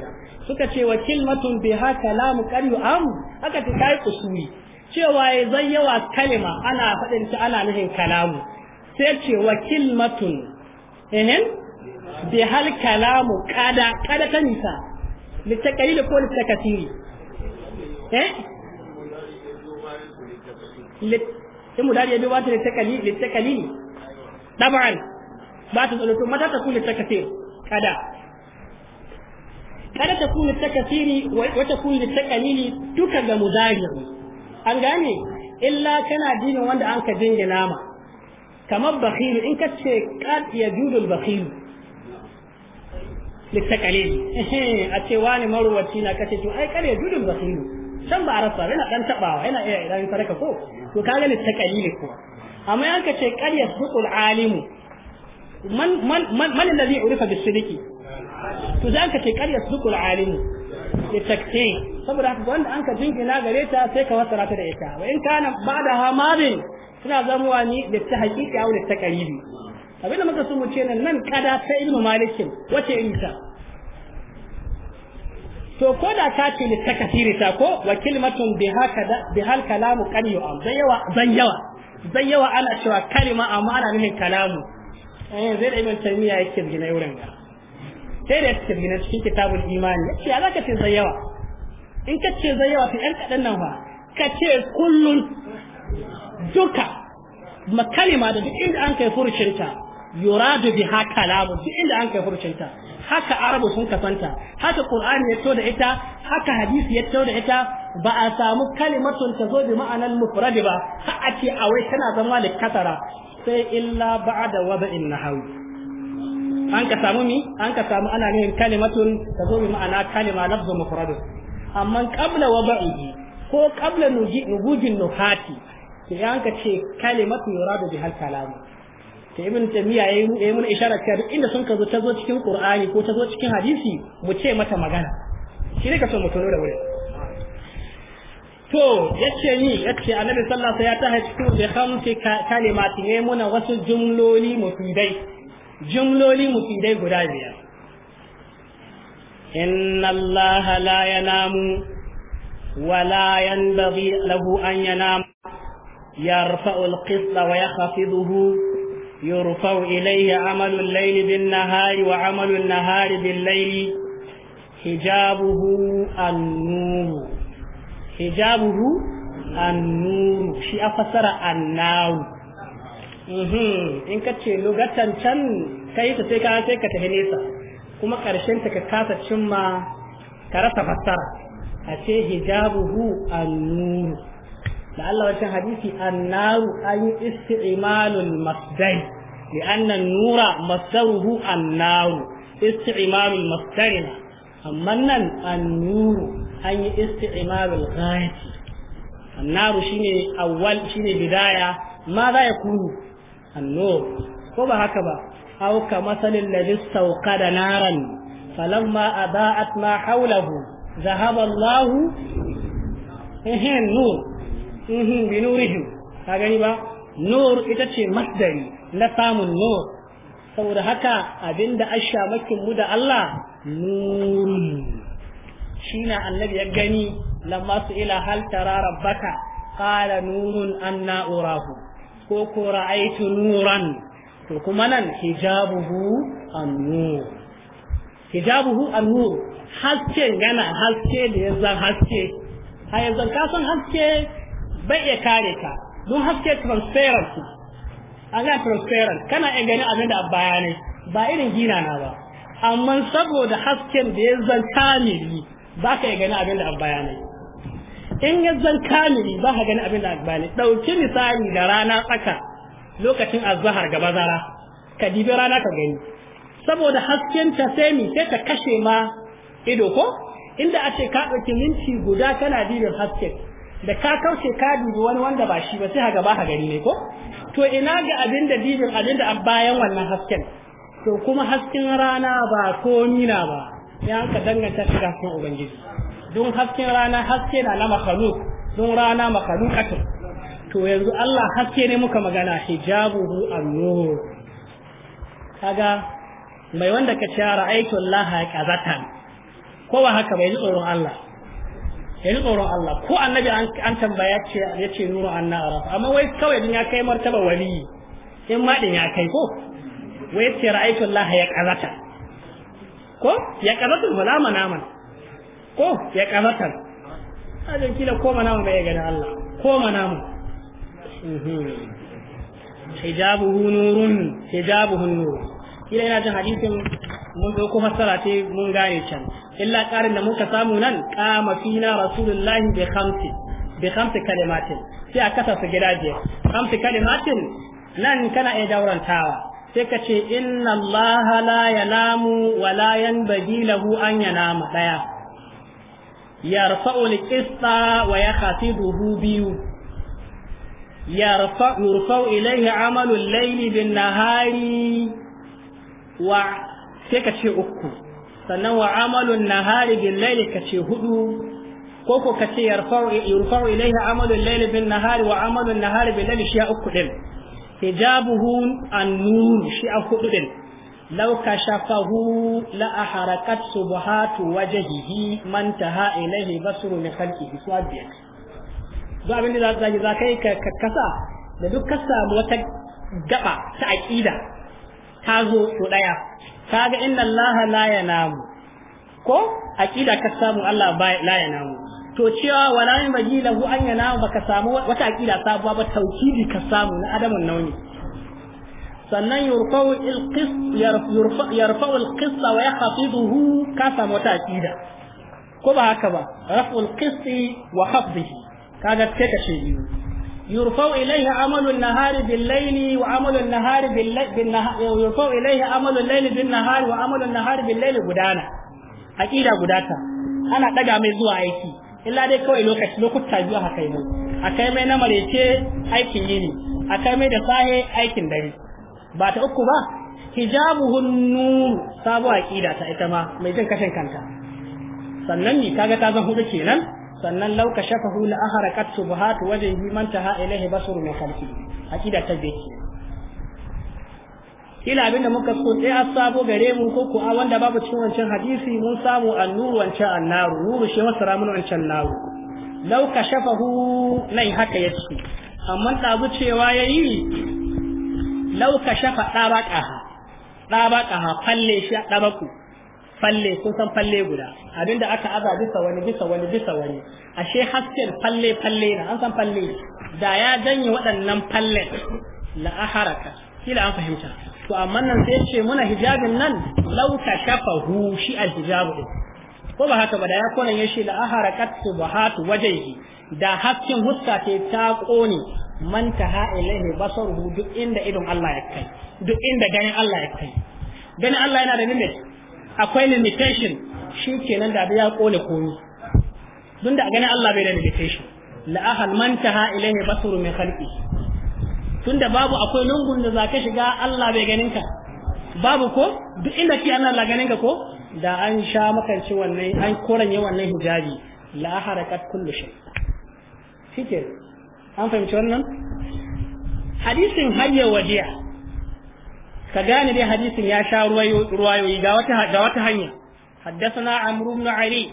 suka ce wa kilmatun ha kalamu qari'u am haka ta kai kusuri cewa ya zayyawa kalima ana fadin ta ana nufin kalamu sai ce wa kilmatun ehin bi hal kalamu kada kada ta nisa litakayil ko litakasiri eh lit mudari ya bi wata litakali litakali dab'an ba ta to mata ta kuna takasir kada kada ta kuna takasiri wata wa ta kula ta duka ga mudajir an gane illa kana dinin wanda an ka dinga nama. kamar bakhil in ka ce kad yajudul bakhilu littakalili a ce wani maruwaci na kace to ai kare judul bakhil san ba arafa yana dan tabawa yana iya idan sarka ko to kaga littakalili ko amma an ka ce kare sutul alimu man man man man alladhi urifa bisidiki to da anka ce karya sukul alimu da takte saboda wanda anka jingina gare ta sai ka wasara ta da ita wa in kana ba'da hamadin suna zamuwa ni da ta haƙiƙa wa ta karibi abinda muka so mu ce nan nan ta ilmu malikin wace irin to ko da ka ce ta kasiri ko wa kalimatun bi haka kalamu kan yu'am zan yawa ana cewa kalima amma ana nufin kalamu eh zai da ibn taymiya yake gina wurin ga sai da yake gina cikin kitabul imani yace ya zaka ce zai yawa in ka ce zai yawa fi ɗan kaɗan nan fa ka ce kullun duka makalima da duk inda an kai furucinta yuradu biha kalamu duk inda an kai furcinta. haka arabu sun kasanta haka qur'ani ya to da ita haka hadisi ya to da ita ba a samu kalimatun ta zo bi ma'anar mufradi ba har a ce a wai tana zama da kasara sai illa ba'da na hau, an ka samu mi an ka samu ana nihin kalimatun ta zo bi ma'ana kalima lafzu mufrad amma qabla wada'ihi ko qabla nugujin nuhati sai an ka ce kalimatu yuradu bihal kalam ta ibn tamiya ya yi mun isharar cewa duk inda sun ka zo ta zo cikin qur'ani ko ta zo cikin hadisi mu ce mata magana shi ne ka so mu tunu da wurin to yace ni yace annabi sallallahu alaihi wasallam ya tahe cikin bi khamsi kalimati ne muna wasu jumloli mufidai jumloli mufidai guda biyar inna allaha la yanamu wa la yanbaghi lahu an yanam yarfa'u al-qisla wa yakhfiduhu يرفع إليه عمل الليل بالنهار وعمل النهار بالليل حجابه النور hijabuhu annuru shi a fasara annawu mhm. in ka ce lugatan can kai ta sai ka sai ka tafi nesa kuma ƙarshen ta ka kasa cimma ka rasa fasara a ce hijabuhu annuru da Allah wancan hadisi annaru an yi isti'malul masdai nura masdaruhu annaru النار استعمال amma nan النور an yi isti'malul ghayati annaru shine awwal shine bidaya ma za ya kunu annur ko ba haka ba aw ka masalin ladhi sawqada naran falamma adaat ma hawlahu dhahaba Allah ehin nur ehin bi nurihin. ka gani ba nur ita ce masdari na samun nur saboda haka abinda asha makin mu da Allah nurun shine annabi ya gani lamma su ila hal tara rabbaka qala nurun anna urahu ko ko ra'aytu nuran to kuma nan hijabuhu an-nur hijabuhu an-nur gana haske da yanzu haske ha yanzu ka san haske bai ya kare ka don haske transparent ana transparent kana iya gani abin da bayanai ba irin gina na ba amma saboda hasken da ya zanta kamili ba ka gani abin da abba ya nai in zan kamili ba ka gani abin da abba ne ɗauki misali da rana tsaka lokacin azahar ga bazara ka dibi rana ka gani saboda hasken ta sai mi sai ka kashe ma ido ko inda a ce ka ɗauki minti guda kana dibin hasken da ka kauce ka dubi wani wanda ba shi ba sai haga ba ha gani ne ko to ina ga abin da dibin abin da bayan wannan hasken to kuma hasken rana ba komi na ba an ka danganta shi da hasken ubangiji don hasken rana haske na na makhluk don rana makhlukatun to yanzu Allah haske ne muka magana hijabuhu an-nur kaga mai wanda ka ce ra'aytu Allah qazatan ko ba haka bai tsoron Allah yayi tsoron Allah ko annabi an tambaya ce yace nuru annara amma wai kawai din ya kai martaba wali in ma din ya kai ko wai ce ra'aytu Allah ya kazata ko ya kazatan wala naman? ko ya kazatan ajin kila ko manaman bai gani Allah ko manaman mhm. hijabuhu nurun hijabuhu nur kila ina jin hadisin mun zo ko fassara ce mun gane can illa karin da muka samu nan qama fina rasulullahi bi khamsi bi khamsi kalimatin sai a kasa su khamsi kalimatin nan kana iya daurantawa sai ka ce inna Allah la yanamu wa la yanbaghi lahu an yanama daya yarfa'u al-qista wa yakhafidu biyu yarfa'u yurfa'u ilayhi amalu layli bin nahari wa sai ce uku sannan wa amalu nahari bin layli ka ce hudu ko ka ce yarfa'u yurfa'u ilayhi amalu layli bin nahari wa amalu nahari bin layli shi uku din hijabuhu an-nur shi a hudu din law kashafahu la aharakat subhatu wajhihi man taha ilayhi basru min khalqihi suwabiyak do abin da za ka kai ka kasa da duk ka wata gaba ta aqida ta zo to daya kaga inna allaha la yanamu ko aqida ka samu allah ba la yanamu to cewa wala yin bagi lahu an yana baka samu wata aqida sabuwa ba tauhidi ka samu na adamun nauni sannan yurfa'u al-qis yarfa'u al-qis wa yahfizuhu ka samu wata aqida ko ba haka ba raf'u al wa hafzihi kaga sai ka ce biyu يرفع إليه عمل النهار بالليل وعمل النهار بالليل بالنهار bin إليه عمل الليل بالنهار وعمل النهار بالليل gudana أكيد gudata. Ana دجا mai zuwa aiki. illa dai kawai lokaci lokuta biyu haka yi akai mai na marece aikin yini kai mai da sahe aikin dare ba ta uku ba hijabuhun nur sabu aqida ta ita ma mai jin kashin kanta sannan ni kaga ta zan hudu kenan sannan lauka shafa hula la aharakat subuhat wajen himanta taha ilayhi mai min A aqida ta bai kila abinda muka so sai a sabo gare mu ko a wanda babu cikin wancan hadisi mun samu annur wancan annar nuru shi masara mun wancan naru law kashafahu nai haka yace amma bu cewa yayi law kashafa dabaka dabaka falle shi dabaku falle ko san falle guda abinda aka aza bisa wani bisa wani bisa wani ashe hasken falle falle na an san falle da ya janye waɗannan falle la aharaka kila an fahimta to amma nan sai ce muna hijabin nan law kashafahu shi alhijabu din ko ba haka ba da ya kona yashi la aharakat subahat wajhihi da hasken huska ce ta kone man taha ilaihi basaruhu duk inda idon Allah ya kai duk inda ganin Allah ya kai ganin Allah yana da limit akwai limitation shi kenan da ya kone komi don da ganin Allah bai da limitation la ahal man taha ilaihi basaru min khalqihi tunda babu akwai lungun da zaka shiga Allah bai ganin ka babu ko duk inda ki Allah la ganin ka ko da an sha makance wannan an koranye wannan hijabi la harakat kullu shay shike an fahimci wannan hadisin hayya wajiya ka gane dai hadisin ya sha ruwayoyi ga wata ga wata hanya haddathana amru ibn ali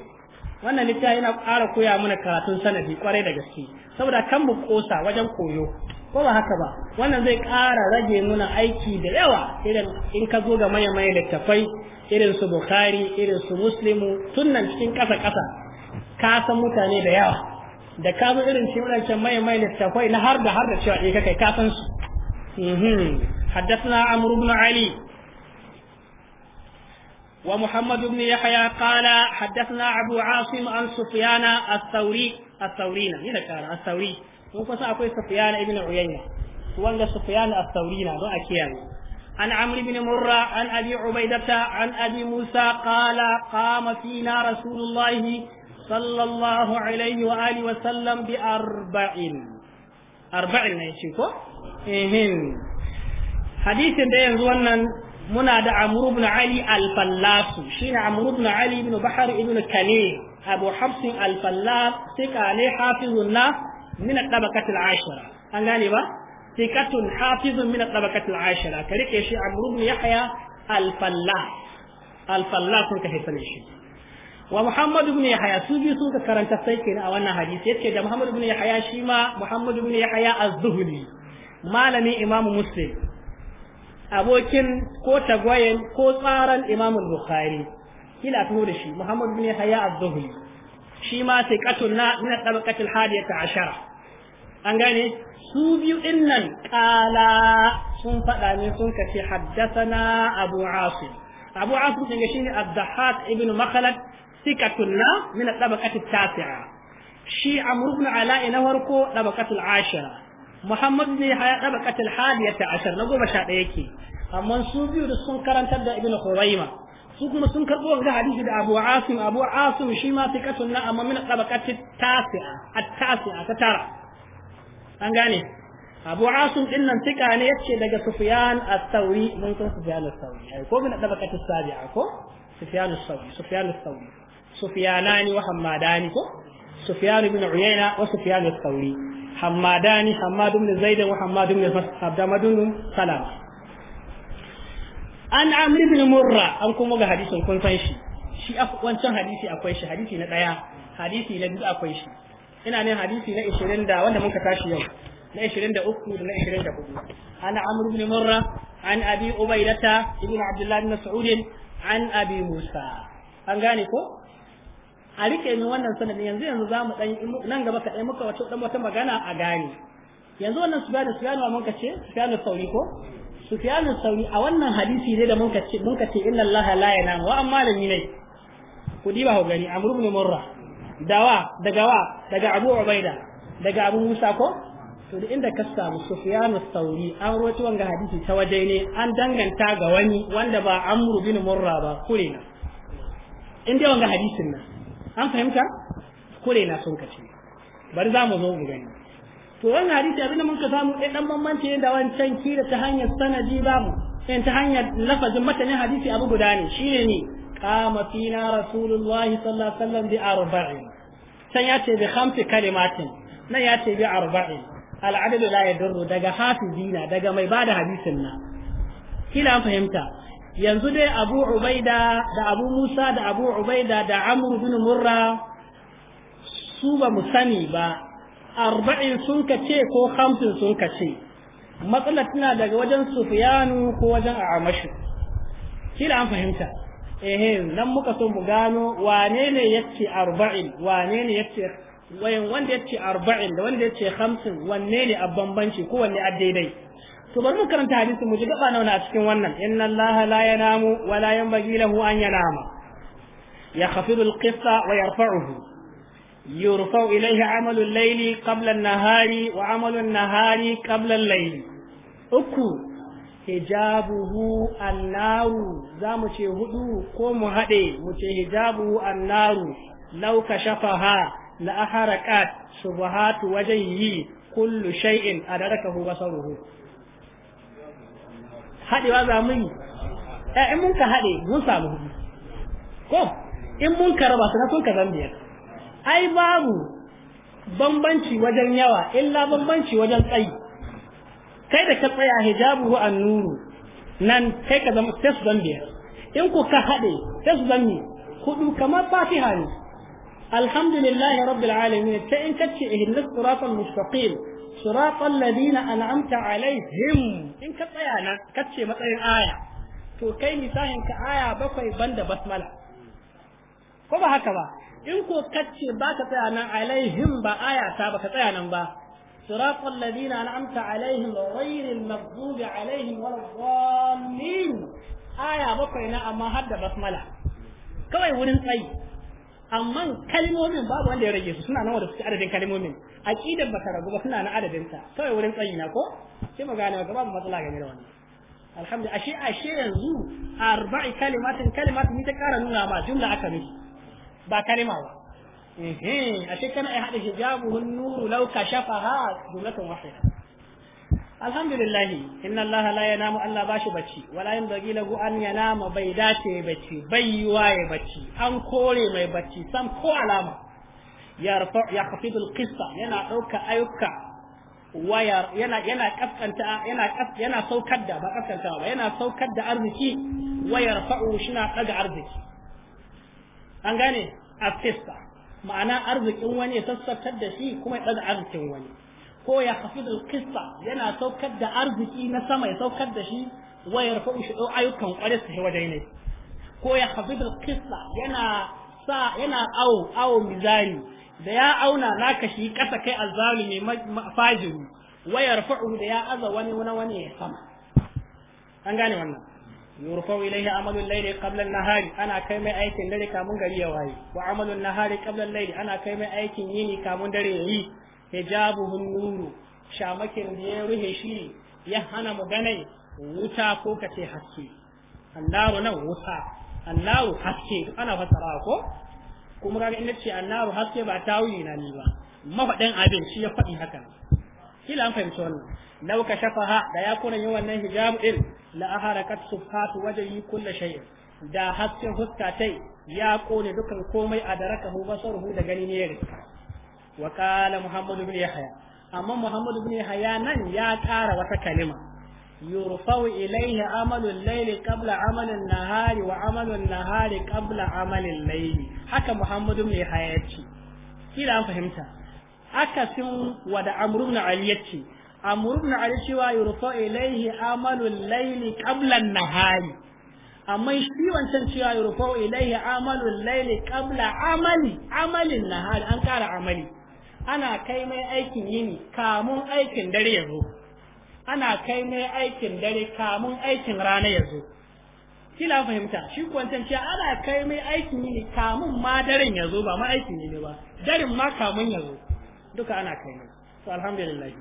wannan littafi yana ƙara koya mana karatun sanadi kwarai da gaske saboda kan mu kosa wajen koyo ko ba haka ba wannan zai ƙara rage muna aiki da yawa irin in ka zo ga maye-maye littafai irin su bukhari irin su muslimu tun nan cikin ƙasa ƙasa ka san mutane da yawa da ka zo irin cikin wadancan maye-maye littafai na har da har da cewa eh kai ka san su حدثنا عمرو بن علي ومحمد بن يحيى قال حدثنا أبو عاصم عن سفيان الثوري الثوري الثوري mun kusa akwai Sufyan ibn Uyayna wanda wanga Sufyan as-Sauri don a kiyaye an Amr ibn Murra an Abi Ubaidata an Abi Musa qala qama fina Rasulullahi sallallahu alaihi wa alihi wa sallam bi arba'in arba'in ne shi ko ehin hadisin da yanzu wannan muna da Amr ibn Ali al-Fallas shine Amr ibn Ali ibn Bahr ibn Kani Abu Hafs al-Fallas sai kale hafizun na min al-tabaqati ashira an gane ba thiqatun hafizun min al-tabaqati al-ashira ka rike shi amr ibn yahya al-fallah al ka hisan shi wa muhammad ibn yahya su biyu sun ka karanta sai kenan a wannan hadisi yace da muhammad ibn yahya shi ma malami imamu abokin ko tagwayen ko tsaran imam'un bukhari kila tuho da shi muhammad bin yahya az-zuhri shi ma thiqatun na min tabaqatil hadiyata ashara an gane su biyu din nan qala sun fada ne sun kace haddathana abu asim abu asim ne shine abdahat ibn makhlad thiqatun na min tabaqatil tasi'a shi amr ibn ala na farko tabaqatil ashara muhammad ne ya tabaqatil hadiyata ashara na goma sha daya yake amma su biyu da sun karantar da ibn khuzaimah su kuma sun karɓo wanga hadisi da Abu Asim Abu Asim shi ma thiqatun na amma min tabaqati tasi'a at-tasi'a ta tara an gane Abu Asim din nan tika ne yace daga Sufyan as-Sauri mun san Sufyan as-Sauri ai ko min tabaqati sabi'a ko Sufyan as-Sauri Sufyan as-Sauri Sufyanani wa Hammadani ko Sufyan ibn Uyayna wa Sufyan as-Sauri Hammadani Hammad ibn Zaid wa Hammad ibn Salama an amri bin murra an kuma ga hadisin kun san shi shi wancan hadisi akwai shi hadisi na daya hadisi na biyu akwai shi ina ne hadisi na 20 da wanda muka tashi yau na 23 da na 24 ana amru bin murra an abi ubaidata ibn abdullah bin sa'ud an abi musa an gane ko a rike min wannan sanadin yanzu yanzu za mu nan gaba ka dai muka dan wata magana a gane yanzu wannan su gane su gane wa mun ka ce su gane sauri ko Sufyan al a wannan hadisi ne da muka ce muka ce inna Allah la yanam wa amma da ni ne ku diba ho gani Amr ibn Murra dawa daga wa daga Abu Ubaida daga Abu Musa ko to da inda ka samu Sufyan al-Thawri an rawaito wanga hadisi ta waje ne an danganta ga wani wanda ba Amr ibn Murra ba kure na inda wannan hadisin nan an fahimta kure na sun kace bari za mu zo mu gani to hadisi abin da muka samu eh, ɗan dan bambanci ne da wancan kila ta hanyar sanadi babu sai eh, ta hanyar lafazin matanin hadisi abu guda ne shine ne qama fina rasulullahi sallallahu alaihi wasallam bi arba'in sai ya ce bi khamsi kalimatin nan ya ce bi arba'in al'adadu la yadurru daga hafizina daga mai bada hadisin na kila fahimta yanzu dai Abu Ubaida da Abu Musa da Abu Ubaida da amru bin Murra su ba mu sani ba arba'in sun ka ce ko hamsin sun ka ce matsalar tana daga wajen sufiyanu ko wajen amashu kila an fahimta ehe nan muka so mu gano wane ne yace arba'in wane ne yace wayan wanda yace arba'in da wanda yace hamsin wanne ne a bambanci ko wanne a daidai to bari mu karanta hadisi mu ji gaba nawa a cikin wannan inna allaha la yanamu wa la yanbaghi lahu an yanama ya khafidul qissa wa yarfa'uhu يرفع إليه عمل الليل قبل النهار وعمل النهار قبل الليل أكو حجابه النار زام هدو قوم هدي مشي حجابه النار لو كشفها لأحركت شبهات وجهه كل شيء أدركه بصره هدي وهذا مني أي منك هدي مو سامه كو in mun karaba su na ai babu bambanci wajen yawa illa bambanci wajen tsayi kai da ka tsaya hijabu an nuru nan kai ka zama sai su zan biyar in ku ka haɗe sai su zan hudu kamar fatiha ne alhamdulillahi rabbil alamin ta in kace ihdinas siratal mustaqim siratal ladina an'amta alaihim in ka tsaya nan ce matsayin aya to kai misahin ka aya bakwai banda basmala ko ba haka ba in ko kacce ba ka tsaya nan alaihim ba aya ta ba ka tsaya nan ba صراط الذين أنعمت عليهم غير المغضوب عليهم aya الضالين آية amma har da basmala. Kawai wurin tsayi. amma kalmomin babu wanda ya rage su suna nawa da suke adadin kalmomin aqidan ba ta ragu ba suna na adadin ta kawai wurin tsayi na ko sai mu gane babu matsala game da wannan alhamdulillah ashe ashe yanzu arba'i kalimatin kalimatin ni ta kara nuna ma jumla aka miki ba kalima ba a shekara ya haɗa hijabu nuru lauka, shafa ha jumlatun wahida alhamdulillah inna allaha la yanamu allah bashi bacci wala yanbaghi lahu an yanama bai dace bacci bai yiwa ya bacci an kore mai bacci sam ko alama yarfa yakhfidu alqissa yana ɗauka ayyuka yana yana kaskanta yana yana saukar da ba kaskanta ba yana saukar da arziki wayar fa'u shi na arziki an gane a fista ma'ana arzikin wani ya sassartar da shi kuma ya ɗaga arzikin wani ko ya hafi kista yana saukar da arziki na sama ya saukar da shi wayar fa'u shi ɗau ayyukan ƙwarai su wajen ne ko ya hafi kista yana sa yana awo awo mizani da ya auna ka shi ƙasa kai mai fajiri wayar fa'u da ya aza wani wani ya sama an gane wannan yurfa ilayhi amalul layli qabla an ana kai mai aikin dare kamun gari ya wayi, wa amalun nahari qabla al ana kai mai aikin yini kamun dare yayi hijabuhu nuru shamakin da ya ruhe shi ya hana mu ganai wuta ko kace haske annaru nan wuta annaru haske ana fasara ko kuma kaga ce annaru haske ba tawuyi na ni ba mafaɗin abin shi ya faɗi haka kila an fahimci wannan law kashafaha da ya kuna yin wannan hijab din la aharakat sufatu wajhi kull shay da hasken huska tai ya kone dukan komai a daraka darakahu basaruhu da gani ne riska wa qala muhammad ibn yahya amma muhammad ibn yahya nan ya ƙara wata kalima yurfau ilaihi amalu al-layli qabla amali an-nahari wa amalu an-nahari qabla amali al-layli haka muhammad ibn yahya ya ce kila an fahimta akasin wada amru ibn ali yace amru ibn ali cewa yurfa ilaihi amalu layli qabla nahari amma shi wancan cewa yurfa ilaihi amalu layli qabla amali amalin nahari an kara amali ana kai mai aikin yini kamun aikin dare ya zo ana kai mai aikin dare kamun aikin rana ya zo kila fahimta shi kwancan cewa ana kai mai aikin yini kamun ma daren ya zo ba ma aikin yini ba Darin ma kamun ya zo duka ana kai mana to alhamdulillah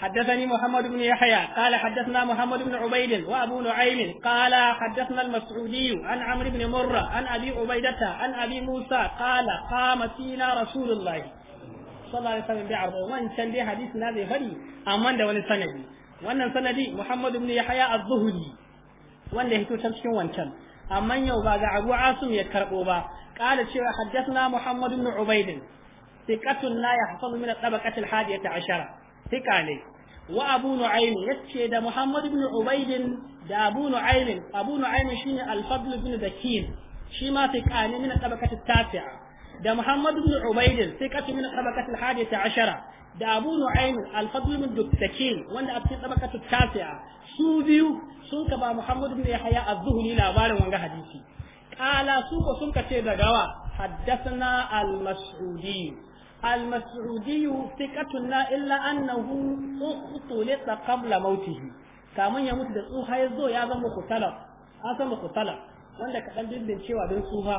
حدثني محمد بن يحيى قال حدثنا محمد بن عبيد وابو نعيم قال حدثنا المسعودي عن عمرو بن مره عن ابي عبيده عن ابي موسى قال قام فينا رسول الله صلى الله عليه وسلم بعرض وان كان دي حديث نازل فدي اما ده wani sanadi wannan sanadi Muhammad ibn Yahya az-Zuhri wanda yake ta cikin wancan amma yau ba ga Abu Asim ya karbo ba قال cewa حدثنا محمد بن عبيد thiqatun la yahfazu min at-tabaqati al-hadiyata ashara thiqa ne wa abu nu'aym yace da muhammad ibn ubayd da abu nu'aym abu nu'aym shine al-fadl ibn dakin shi ma thiqa ne min at-tabaqati at-tasi'a da muhammad ibn ubayd thiqatun min at-tabaqati al-hadiyata ashara da abu nu'aym al-fadl ibn dakin wanda a cikin tabaqati at-tasi'a su biyu sun ka ba muhammad ibn yahya az-zuhri labarin wanga hadisi قال سوق سنك تيدا غوا حدثنا المسعودي illa annahu, إلا أنه اختلط قبل موته kamun ya mutu da tsuha ya zo ya zama kutala an zama kutala wanda kaɗan dindin cewa don tsuha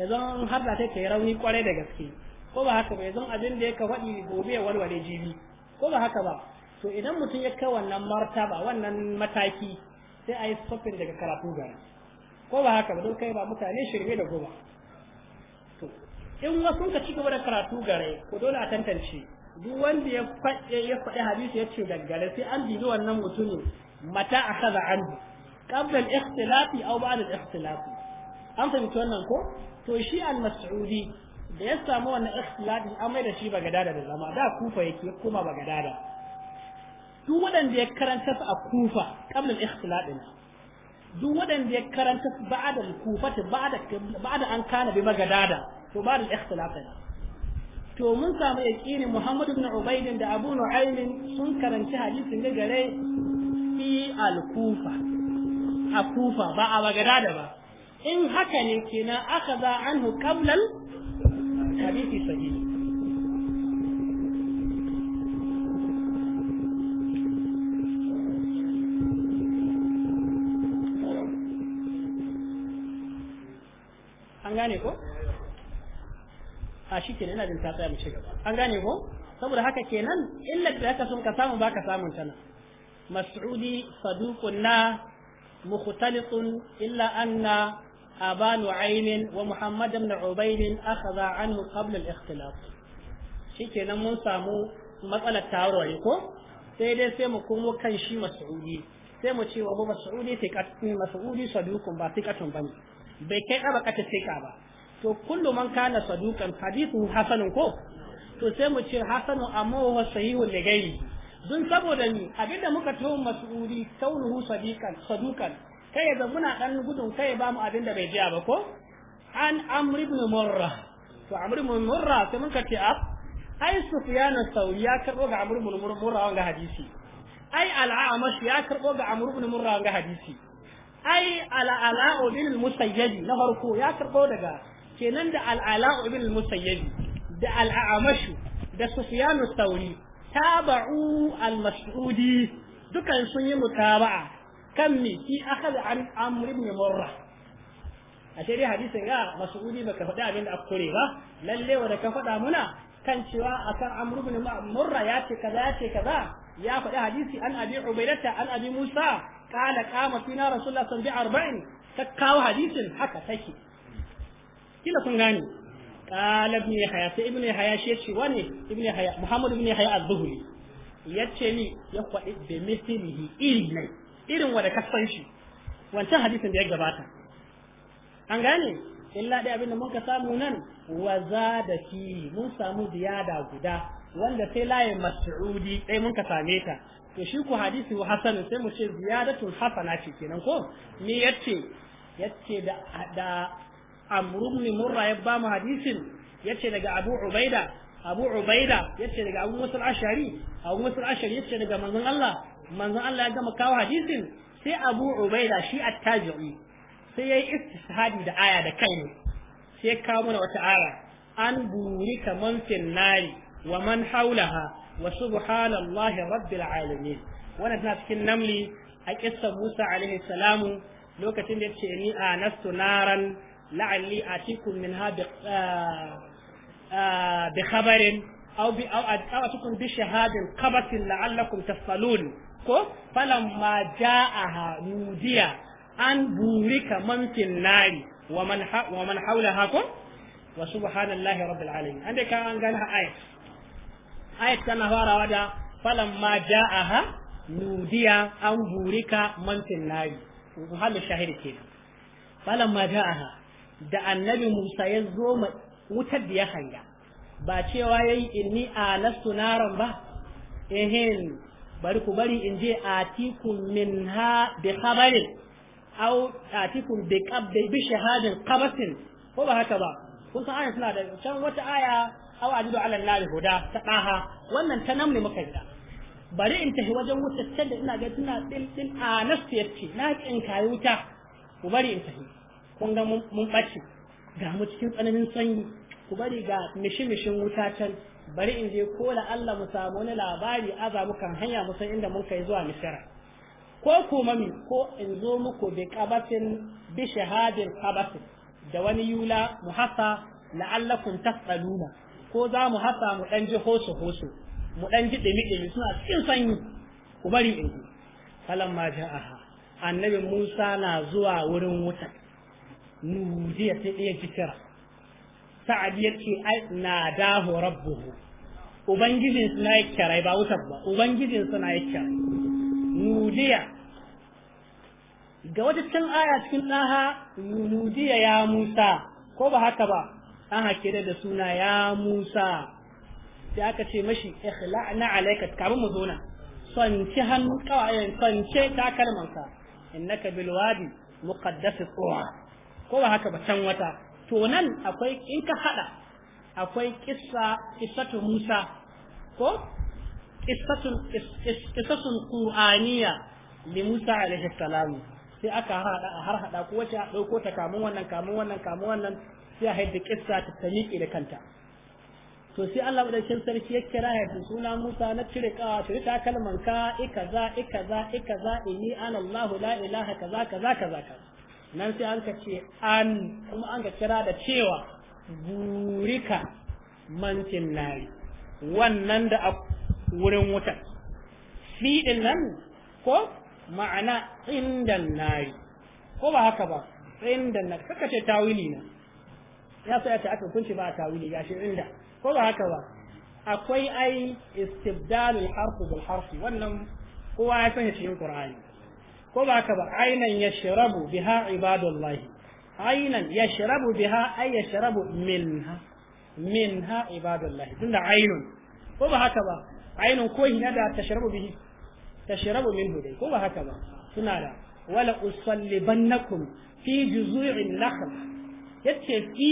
ya zama har da take rauni kwarai da gaske ko ba haka ba ya zama abin da ya faɗi gobe ya walwale jibi ko ba haka ba to idan mutum ya kai wannan martaba wannan mataki sai a yi daga karatu gara ko ba haka ba don kai ba mutane shirme da goma in wasu ka ci gaba da karatu gare ko dole a tantance duk wanda ya faɗi ya faɗi hadisi ya ce daggare sai an bibi wannan mutumin mata a kaza an qabla al-ikhtilafi aw ba'da al-ikhtilafi an fahimci wannan ko to shi al-mas'udi da ya samu wannan ikhtilafi an mai da shi ba bagadada da zama da kufa yake kuma ba bagadada duk waɗanda ya karanta a kufa qabla al-ikhtilafi duk waɗanda ya karanta su ba'da al-kufa ba'da ba'da an kana bi bagadada to ba da ikhtilafin to mun samu yaqini Muhammad ibn Ubayd da Abu Nu'aym sun karanci hadisin da gare fi al-Kufa a Kufa ba a Bagdada ba in haka ne kenan aka za anhu qablan hadisi sahih a shi kenan ina jin ta tsaya mu ci gaba ko saboda haka kenan illa da aka sun ka samu baka samun tana mas'udi saduqun na mukhtalitun illa anna aban wa'in wa muhammad ibn ubayd akhadha anhu qabl al-ikhtilaf shi kenan mun samu matsalar tarawaye ko sai dai sai mu kuma kan shi mas'udi sai mu ce wa mu mas'udi sai ba sai ka tumbani bai kai aba ka sai ka ba to kullu man kana saduqan hadithu hasanun ko to sai mu ce hasanu amma huwa sahihu li gairi dun saboda ni abinda muka tawo mas'udi kaunuhu sadiqan saduqan kai yanzu muna dan gudun kai ba mu abinda bai jiya ba ko an amr ibn murra to amr ibn murra sai mun ka a ai sufyan as-sawri ya karbo ga amr ibn murra wanga hadisi ai al-amash ya karbo ga amr ibn murra wanga hadisi ai al-ala'u bin musayyib na farko ya karbo daga kenan da al'ala ibn musayyib da al'amashu da sufyanu al-thawri tabu al-mas'udi dukan sun yi mutaba'a kan mi fi akhad an amr ibn murra a dai hadisin ga mas'udi baka faɗi abin da akure ba lalle da ka faɗa muna kan cewa akan amr ibn murra ya ce kaza ya ce kaza ya faɗi hadisi an abi ubaidata an abi musa قال قام فينا رسول الله صلى الله عليه وسلم بأربع تكاو حديث حكا تكي kila kun gane Ibn ابن يحيى سي ابن يحيى شي wani wane yahya muhammad ibn yahya az-zuhri yace ni ya faɗi da mithlihi iri nan irin wanda ka san shi wancan hadisin da ya gabata an gane illa dai abinda mun ka samu nan wa zada fi mun samu ziyada guda wanda sai layin mas'udi sai mun ka same ta to shi ku hadisi wa hasan sai mu ce ziyadatul hasana ce kenan ko ni yace yace da da amru ibn murra ya ba mu hadisin yace daga abu ubaida abu ubaida yace daga abu musul ashari abu musul ashari yace daga manzon Allah manzon Allah ya gama kawo hadisin sai abu ubaida shi at-tabi'i sai yayi istihadi da aya da kai sai kawo mana wata aya an burika man fil nari wa man haulaha wa subhanallahi rabbil alamin wannan tana cikin namli a kissa Musa alaihi salamu lokacin da ya ce ni anastu naran لعلي آتيكم منها آه، آه، بخبر أو أو اتيكم بشهاد قبس لعلكم تفصلون فلما جاءها نوديا أن بورك من في النار ومن ومن حولها وسبحان الله رب العالمين عندك كان قالها آية آية كان فارا ودا فلما جاءها نوديا أن بورك من في النار وهذا الشاهد كده فلما جاءها da annabi Musa ya zo wutar da ya hanga ba cewa ya yi inni nasu naran ba ehin bari ku bari in je min ha bi khabarin a tikun bi qabdi bi shahadin qabatin ko ba haka ba kun san aya suna da can wata aya aw ajidu ala nari huda ta daha wannan ta namne muka gida bari in tafi wajen wutar da ina ga tana din din anasu yace na kin kayuta wuta ku bari in tafi kun ga mun ɓace ga mu cikin tsananin sanyi ku bari ga mishimishin wuta can bari in je ko la Allah mu samu wani labari aza mu kan hanya mu san inda mun kai zuwa misira ko kuma mi ko in zo muku bi qabatin bi shahadin qabatin da wani yula mu muhassa la'allakum tasaluna ko za mu hasa mu dan ji hoso hoso mu dan ji dimi dimi suna cikin sanyi ku bari in ji falamma ja'aha annabi Musa na zuwa wurin wuta nudiya sai ɗaya ji kira sa'ad ya ce na dahu rabbuhu ubangijin suna ya kira ba wuta ba ubangijin suna ya kira nudiya ga wata can aya cikin ɗaha nudiya ya musa ko ba haka ba an hake da suna ya musa sai aka ce mashi na alayka kafin mu zo nan sanci hannu kawayen sanci takalmanka innaka bil wadi muqaddas tuwa ko ba haka ba can wata to nan akwai in ka hada akwai kissa qissatu Musa ko qissatu qissatu qur'aniya li Musa alaihi salam sai aka hada har hada ko wace a dauko ta kamun wannan kamun wannan kamun wannan sai a haɗa kissa ta tamiƙe da kanta to sai Allah madaukakin sarki ya kira ya ce suna Musa na cire ka cire ta kalman ka ikaza ikaza ikaza inni ana Allah la ilaha kaza kaza kaza kaza nan sai an ka ce an kuma an ka kira da cewa burika mancin nari wannan da a wurin wuta fi din nan ko ma'ana inda nari ko ba haka ba inda nan kaka ce tawili na ya sai ta aka kunci ba tawili shi inda ko ba haka ba akwai ai istibdalul harfi bil harfi wannan kowa ya sanya cikin qur'ani ko ba haka ba ainan ya shirabu biha ibadullahi ainan ya shirabu biha ay yashrabu minha minha ibadullahi tunda ainun ko ba haka ba ainun ko hina da ta shirabu bihi ta shirabu min dai ko ba haka ba suna da wala usallibannakum fi juzu'in nakhl yace fi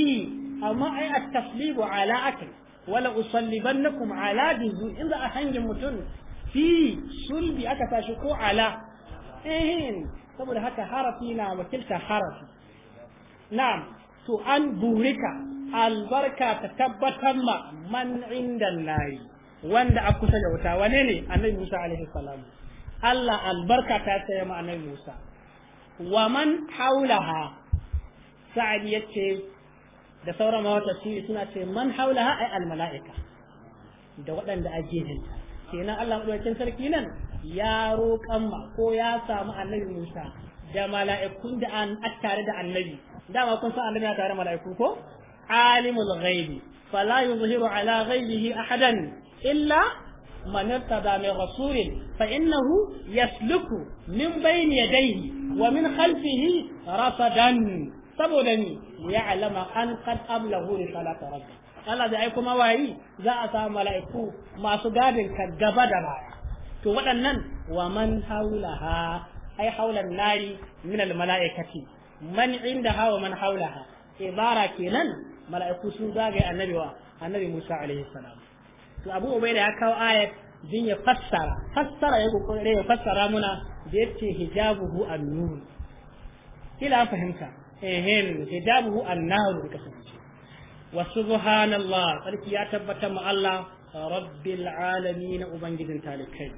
amma ai at-taslibu ala akl wala usallibannakum ala juzu' in za a hangin mutum fi sulbi aka tashi ko ala ehin saboda haka harafi na wakilta harafi na'am to an burika albarka ta tabbatar ma man inda layi wanda a kusa da wuta wane ne annabi Musa alaihi salam Allah albarka ta tsaya ma annabi Musa wa man haulaha sa'ad yace da sauran mawata suna ce man haulaha ai al mala'ika da waɗanda a gefenta kenan Allah madaukakin sarki nan ya roƙan ma ko ya samu annabi Musa da mala'ikun da an tare da annabi dama kun san annabi ya tare mala'iku ko alimul ghaibi fala yuzhiru ala ghaibihi ahadan illa man irtada min rasulin fa innahu yasluku min bayni yadayhi wa min khalfihi rasadan saboda ni ya alama an qad ablahu risalata rabbi Allah da ai kuma wayi za a samu mala'iku masu gadin ka gaba da baya to waɗannan wa man ha ai haulan nari min al mala'ikati man inda hawa man haulaha ibara kenan mala'iku sun zagaye annabi wa annabi Musa alaihi salam to Abu Ubaida ya kawo ayat din ya fassara fassara ya kokore ya fassara muna da yace hijabuhu an-nur kila fahimta ehem hijabuhu an-nar kasance wa subhanallah sarki ya tabbata ma Allah rabbil na ubangijin talikai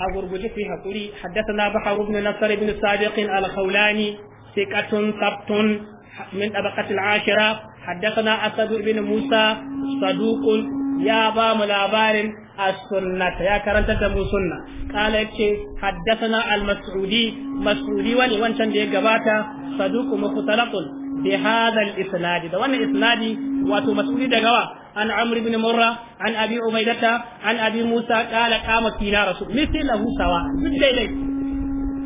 a gurguje ku haƙuri, haddathana bahar ibn nasr ibn sadiqin al-khawlani Sikatun sabtun min tabaqatil ashira na asad ibn musa saduqun ya ba mu labarin as-sunnata ya karantar da mu sunna kala yace haddathana al-mas'udi mas'udi wani wancan da ya gabata saduqu mukhtalaqun bi hadha al-isnad da wannan isnadi wato mas'udi daga wa an amr ibn murra an abi ubaidata an abi musa qala qama fina rasul mithlahu sawa duk daidai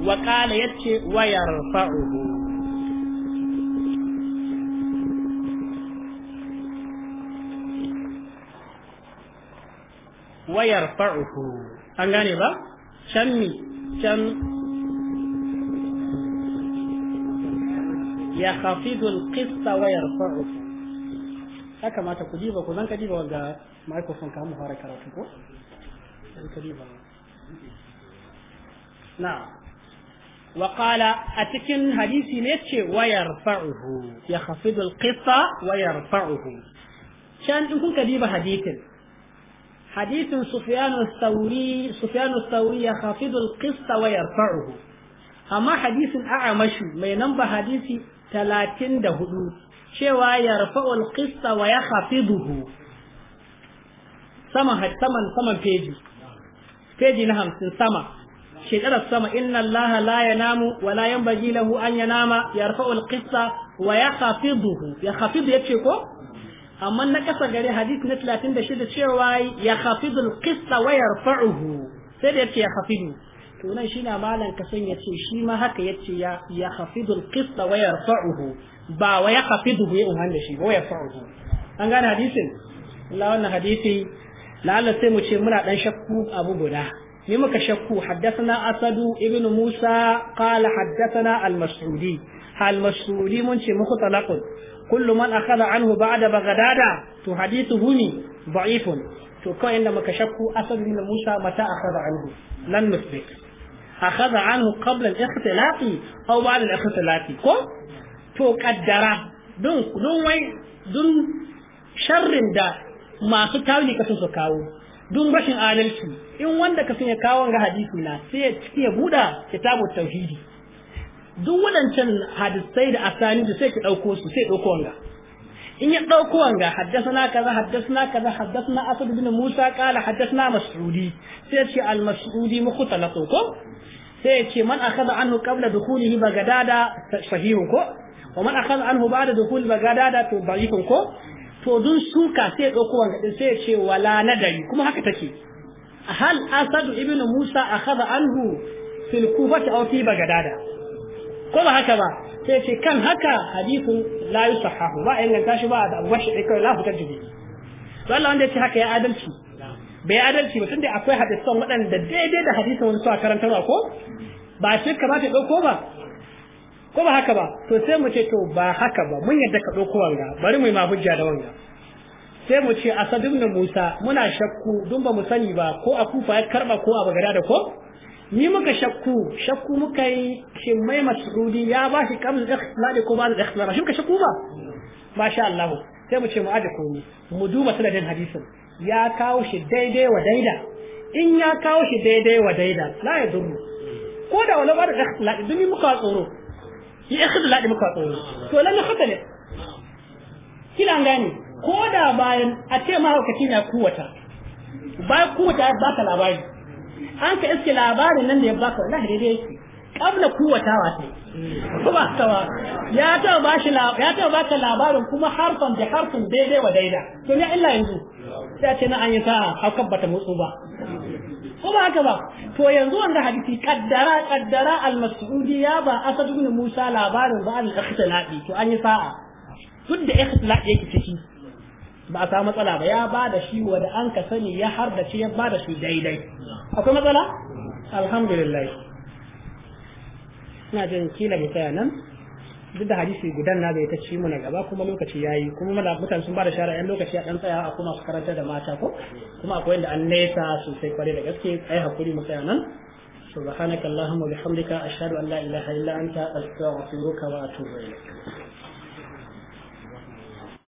wa qala yace wa yarfa'uhu ويرفعه an gane ba can mi can ya hafizul qista wa yarfa'u ya kamata ku diba ku zan ka diba ga microphone ka mu fara karatu ko zan ka diba na wa qala a cikin hadisi ne ce wa yarfa'uhu ya hafizul qista wa yarfa'uhu can in kun ka diba hadisin حديث سفيان الثوري سفيان الثوري يخفض القسط ويرفعه أما حديث أعمش ما ينبى حديث 34 cewa ya rafa'ul qista wa ya hafiduhu sama saman saman peji peji na hamsin sama shekara sama inna Allah la yanamu wa la yanbaghi lahu an yanama yarfa'ul wa ya hafiduhu ya ko amma na kasa gare hadisi na 36 cewa ya khafidul qissa wa yarfa'uhu sai da ya khafidu to nan shine malan ka san yace shi ma haka yace ya ya khafidul qissa wa yarfa'uhu ba wa ya khafiduhu ya umman da shi ba wa yarfa'uhu an gane hadisin Allah wannan hadisi la'alla sai mu ce muna dan shakku abu guda ni muka shakku haddathana asadu ibnu musa qala haddathana al-mas'udi al-mas'udi mun ce muku talaqun kullu man akhadha anhu ba'da baghdada to hadithuhu ni da'ifun to kawai inda muka shakku asadu Musa mata akhadha anhu lan nusbit akhadha anhu qabla al-ikhtilafi aw ba'da al-ikhtilafi ko to kaddara dun dun dun sharrin da masu tawili kasu su kawo dun rashin adalci in wanda ka sun ya kawo ga hadisi na sai ya ciki ya buɗa kitabut tauhidi duk waɗancan hadisai da asani da sai ki ɗauko su sai ɗauko wanga in ya ɗauko wanga haddathana kaza haddathana kaza haddathana asad ibn musa qala haddathana mas'udi sai ce al mas'udi mukhtalatu ko sai ce man a kaza an akhadha anhu qabla dukhulihi bagadada sahihun ko wa man a kaza akhadha anhu ba'da dukhul bagadada to da'ifun ko to dun suka sai ɗauko wanga din sai ce wala nadari kuma haka take hal asad ibn musa a kaza an anhu fil kubati ba fi bagadada ko ba haka ba sai ce kan haka hadithu la yusahahu ba inganta shi ba da abu shi kai la fitar da shi to Allah wanda ya ce haka ya adalci bai adalci ba tunda akwai hadisan waɗanda daidai da hadisan wani suka karantarwa ko ba shi kamata ya dauko ba ko ba haka ba to sai mu ce to ba haka ba mun yadda ka dauko wanga bari mu yi mahujja da wanga sai mu ce asad ibn musa muna shakku dun ba mu sani ba ko a kufa ya karba ko a bagada da ko ni muka shakku shakku muka yi shi mai mas'udi ya ba shi kamar da ikhlali ko ba da ikhlali shi muka shakku ba masha Allah sai mu ce mu aje komi mu duba sanadin hadisin ya kawo shi daidai wa daida in ya kawo shi daidai wa daida la ya duru ko da wani ba da ikhlali domin muka tsoro yi ikhlali muka tsoro to lan ne kila gane ko da bayan a ce ma na kuwata bayan kuwata ba ta labari an ka iske labarin nan da ya baka wallahi daidai yake kuwata wa sai kuma tawa ya ta ba shi ya ta ba ka labarin kuma harfan da harfan daidai wa daida to ne illa yanzu sai ce na an yi sa'a hakan bata mutsu ba ko ba haka ba to yanzu wanda hadisi kaddara kaddara al-mas'udi ya ba asad ibn musa labarin ba al-ikhtilafi to an yi sa'a duk da ikhtilaf yake ciki ba a samu matsala ba ya ba da shi wanda an ka sani ya har da shi ya ba da shi daidai akwai matsala alhamdulillah ina jin kila mu tsaya nan duk da hadisi gudan na zai ta ci mu na gaba kuma lokaci ya yi kuma mutane sun ba da shara yan lokaci a ɗan tsaya a kuma su karanta da mata ko kuma akwai wanda an nesa sosai kware da gaske ai hakuri mu tsaya nan subhanakallahumma bihamdika ashhadu an la ilaha illa anta astaghfiruka wa atubu ilaik